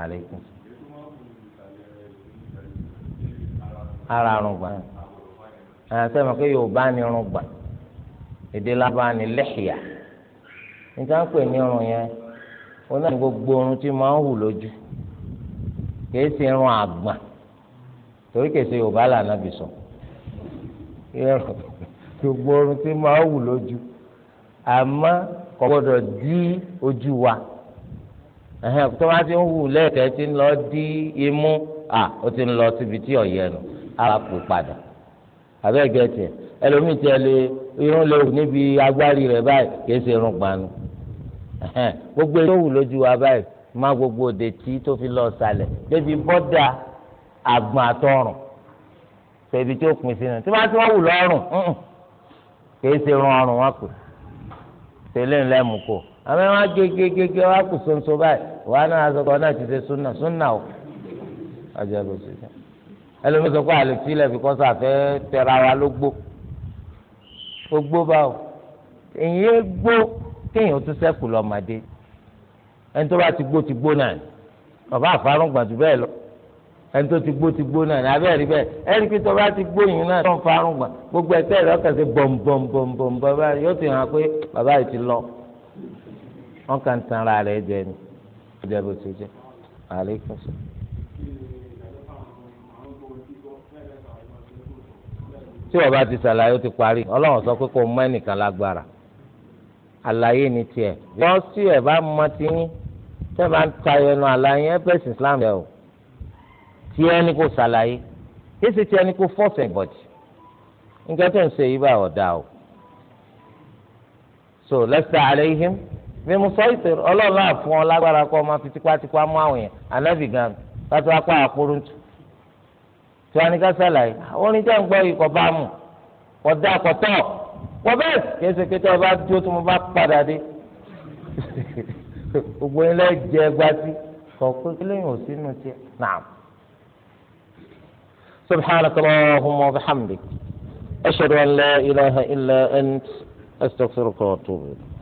Alaikum. ara àrùngbà àti ẹ̀mọ̀ pé yorùbá ni irùngbà èdè lábá ni lẹ́hìá níta ń pè ní irun yẹn wọn náà ní gbogbo irun tí máa ń hù lójú kìí ṣe irun àgbà torí kìí ṣe yorùbá lànà bì sọ gbogbo irun tí máa ń hù lójú àmọ́ kò gbọ́dọ̀ dí ojú wa tó bá ti ń hù lẹ́ẹ̀kẹ́ tí ń lọ dí imú à ó ti ń lọ síbi tí ọ̀yẹ́ nù àpò padà àbẹ́ẹ̀gẹ́ tiẹ̀ ẹlòmíì tiẹ̀ lè irun lè wù níbi agbárí rẹ̀ báyìí kìí ṣe irun gbanu gbogbo ètò wù lójú wa báyìí má gbogbo òde tí tó fi lọ sálẹ̀ débi bọ́dà àgbọn àtọrùn tẹbi tí ó pin sí nu tí wọ́n ti wọ́n wù lọ́rùn kìí ṣe irun ọrùn wọn kù tẹ́lẹ̀ ńlẹ́ mú kó àmọ́ wọn gégégégé wọn kù sonso báyìí wọn náà sọkọ náà ti ṣe súnà súnà o ajá ló ṣe jẹ́ ẹlòmíín sọ pé àlè sílẹ̀ fi kọ́ sàfẹ́ tẹ̀ra wa ló gbó ó gbó báwo èyí é gbó kéèyàn tún sẹ́kù lọ́mọdé ẹni tó bá ti gbó ti gbó náà ni bàbá àfarùngbà jù bẹ́ẹ̀ lọ ẹni tó ti gbó ti gbó náà ni abẹ́rẹ́ bẹ́ẹ̀ ẹni pé tó bá ti gbó yìí náà tó ń farùngbà gbogbo ẹ̀tẹ́ rẹ̀ ọkàn sí bọ̀m̀bọ̀m̀bọ̀m̀bọ̀ báyìí yóò ti hàn pé bàbá yìí ti lọ wọn kàn ń tan ara rẹ̀ jẹ ni ìjẹ́bù ti jẹ́ àlékún sí
i. tí wọ́n bá ti ṣàlàyé
ó ti parí ọlọ́run sọ pé kò mọ ẹnìkan lágbára àlàyé ni tiẹ̀ lọ sí ẹ̀ bá mọ tiyín tẹ́ bá ń tayọ ẹnu àlàyé ẹ bẹ̀sìn Islam rẹ o tiẹ̀ ni kò ṣàlàyé kí sì tiẹ̀ ni kò fọ́ọ̀sì ìbọ̀dì nǹkan tó ń ṣe yìí bá ọ̀dà o so lẹ́sẹ̀ àlẹ́ yìí mi mo sọ ìṣòro ọlọ́run àfún ọ lágbára kọ́ ọ máa fi tipátipá mú àwọn yẹn ànábì gan-an àpòrúntù tí wọ́n ní ká sàlàyé orin tẹ́ ń gbọ́ ikọ̀ bá mu kọ̀dá kọ̀tọ̀ wọ́n bẹ́ẹ̀ kéésì kété ọba dúró tí mo bá padà dé
gbogbo
ilé jẹ gbasi kọ̀ pé eléyìí ò sínú tiẹ̀ náà. سبحانك اللهم وبحمدك أشهد أن لا إله إلا أنت أستغفرك واتوب. إليك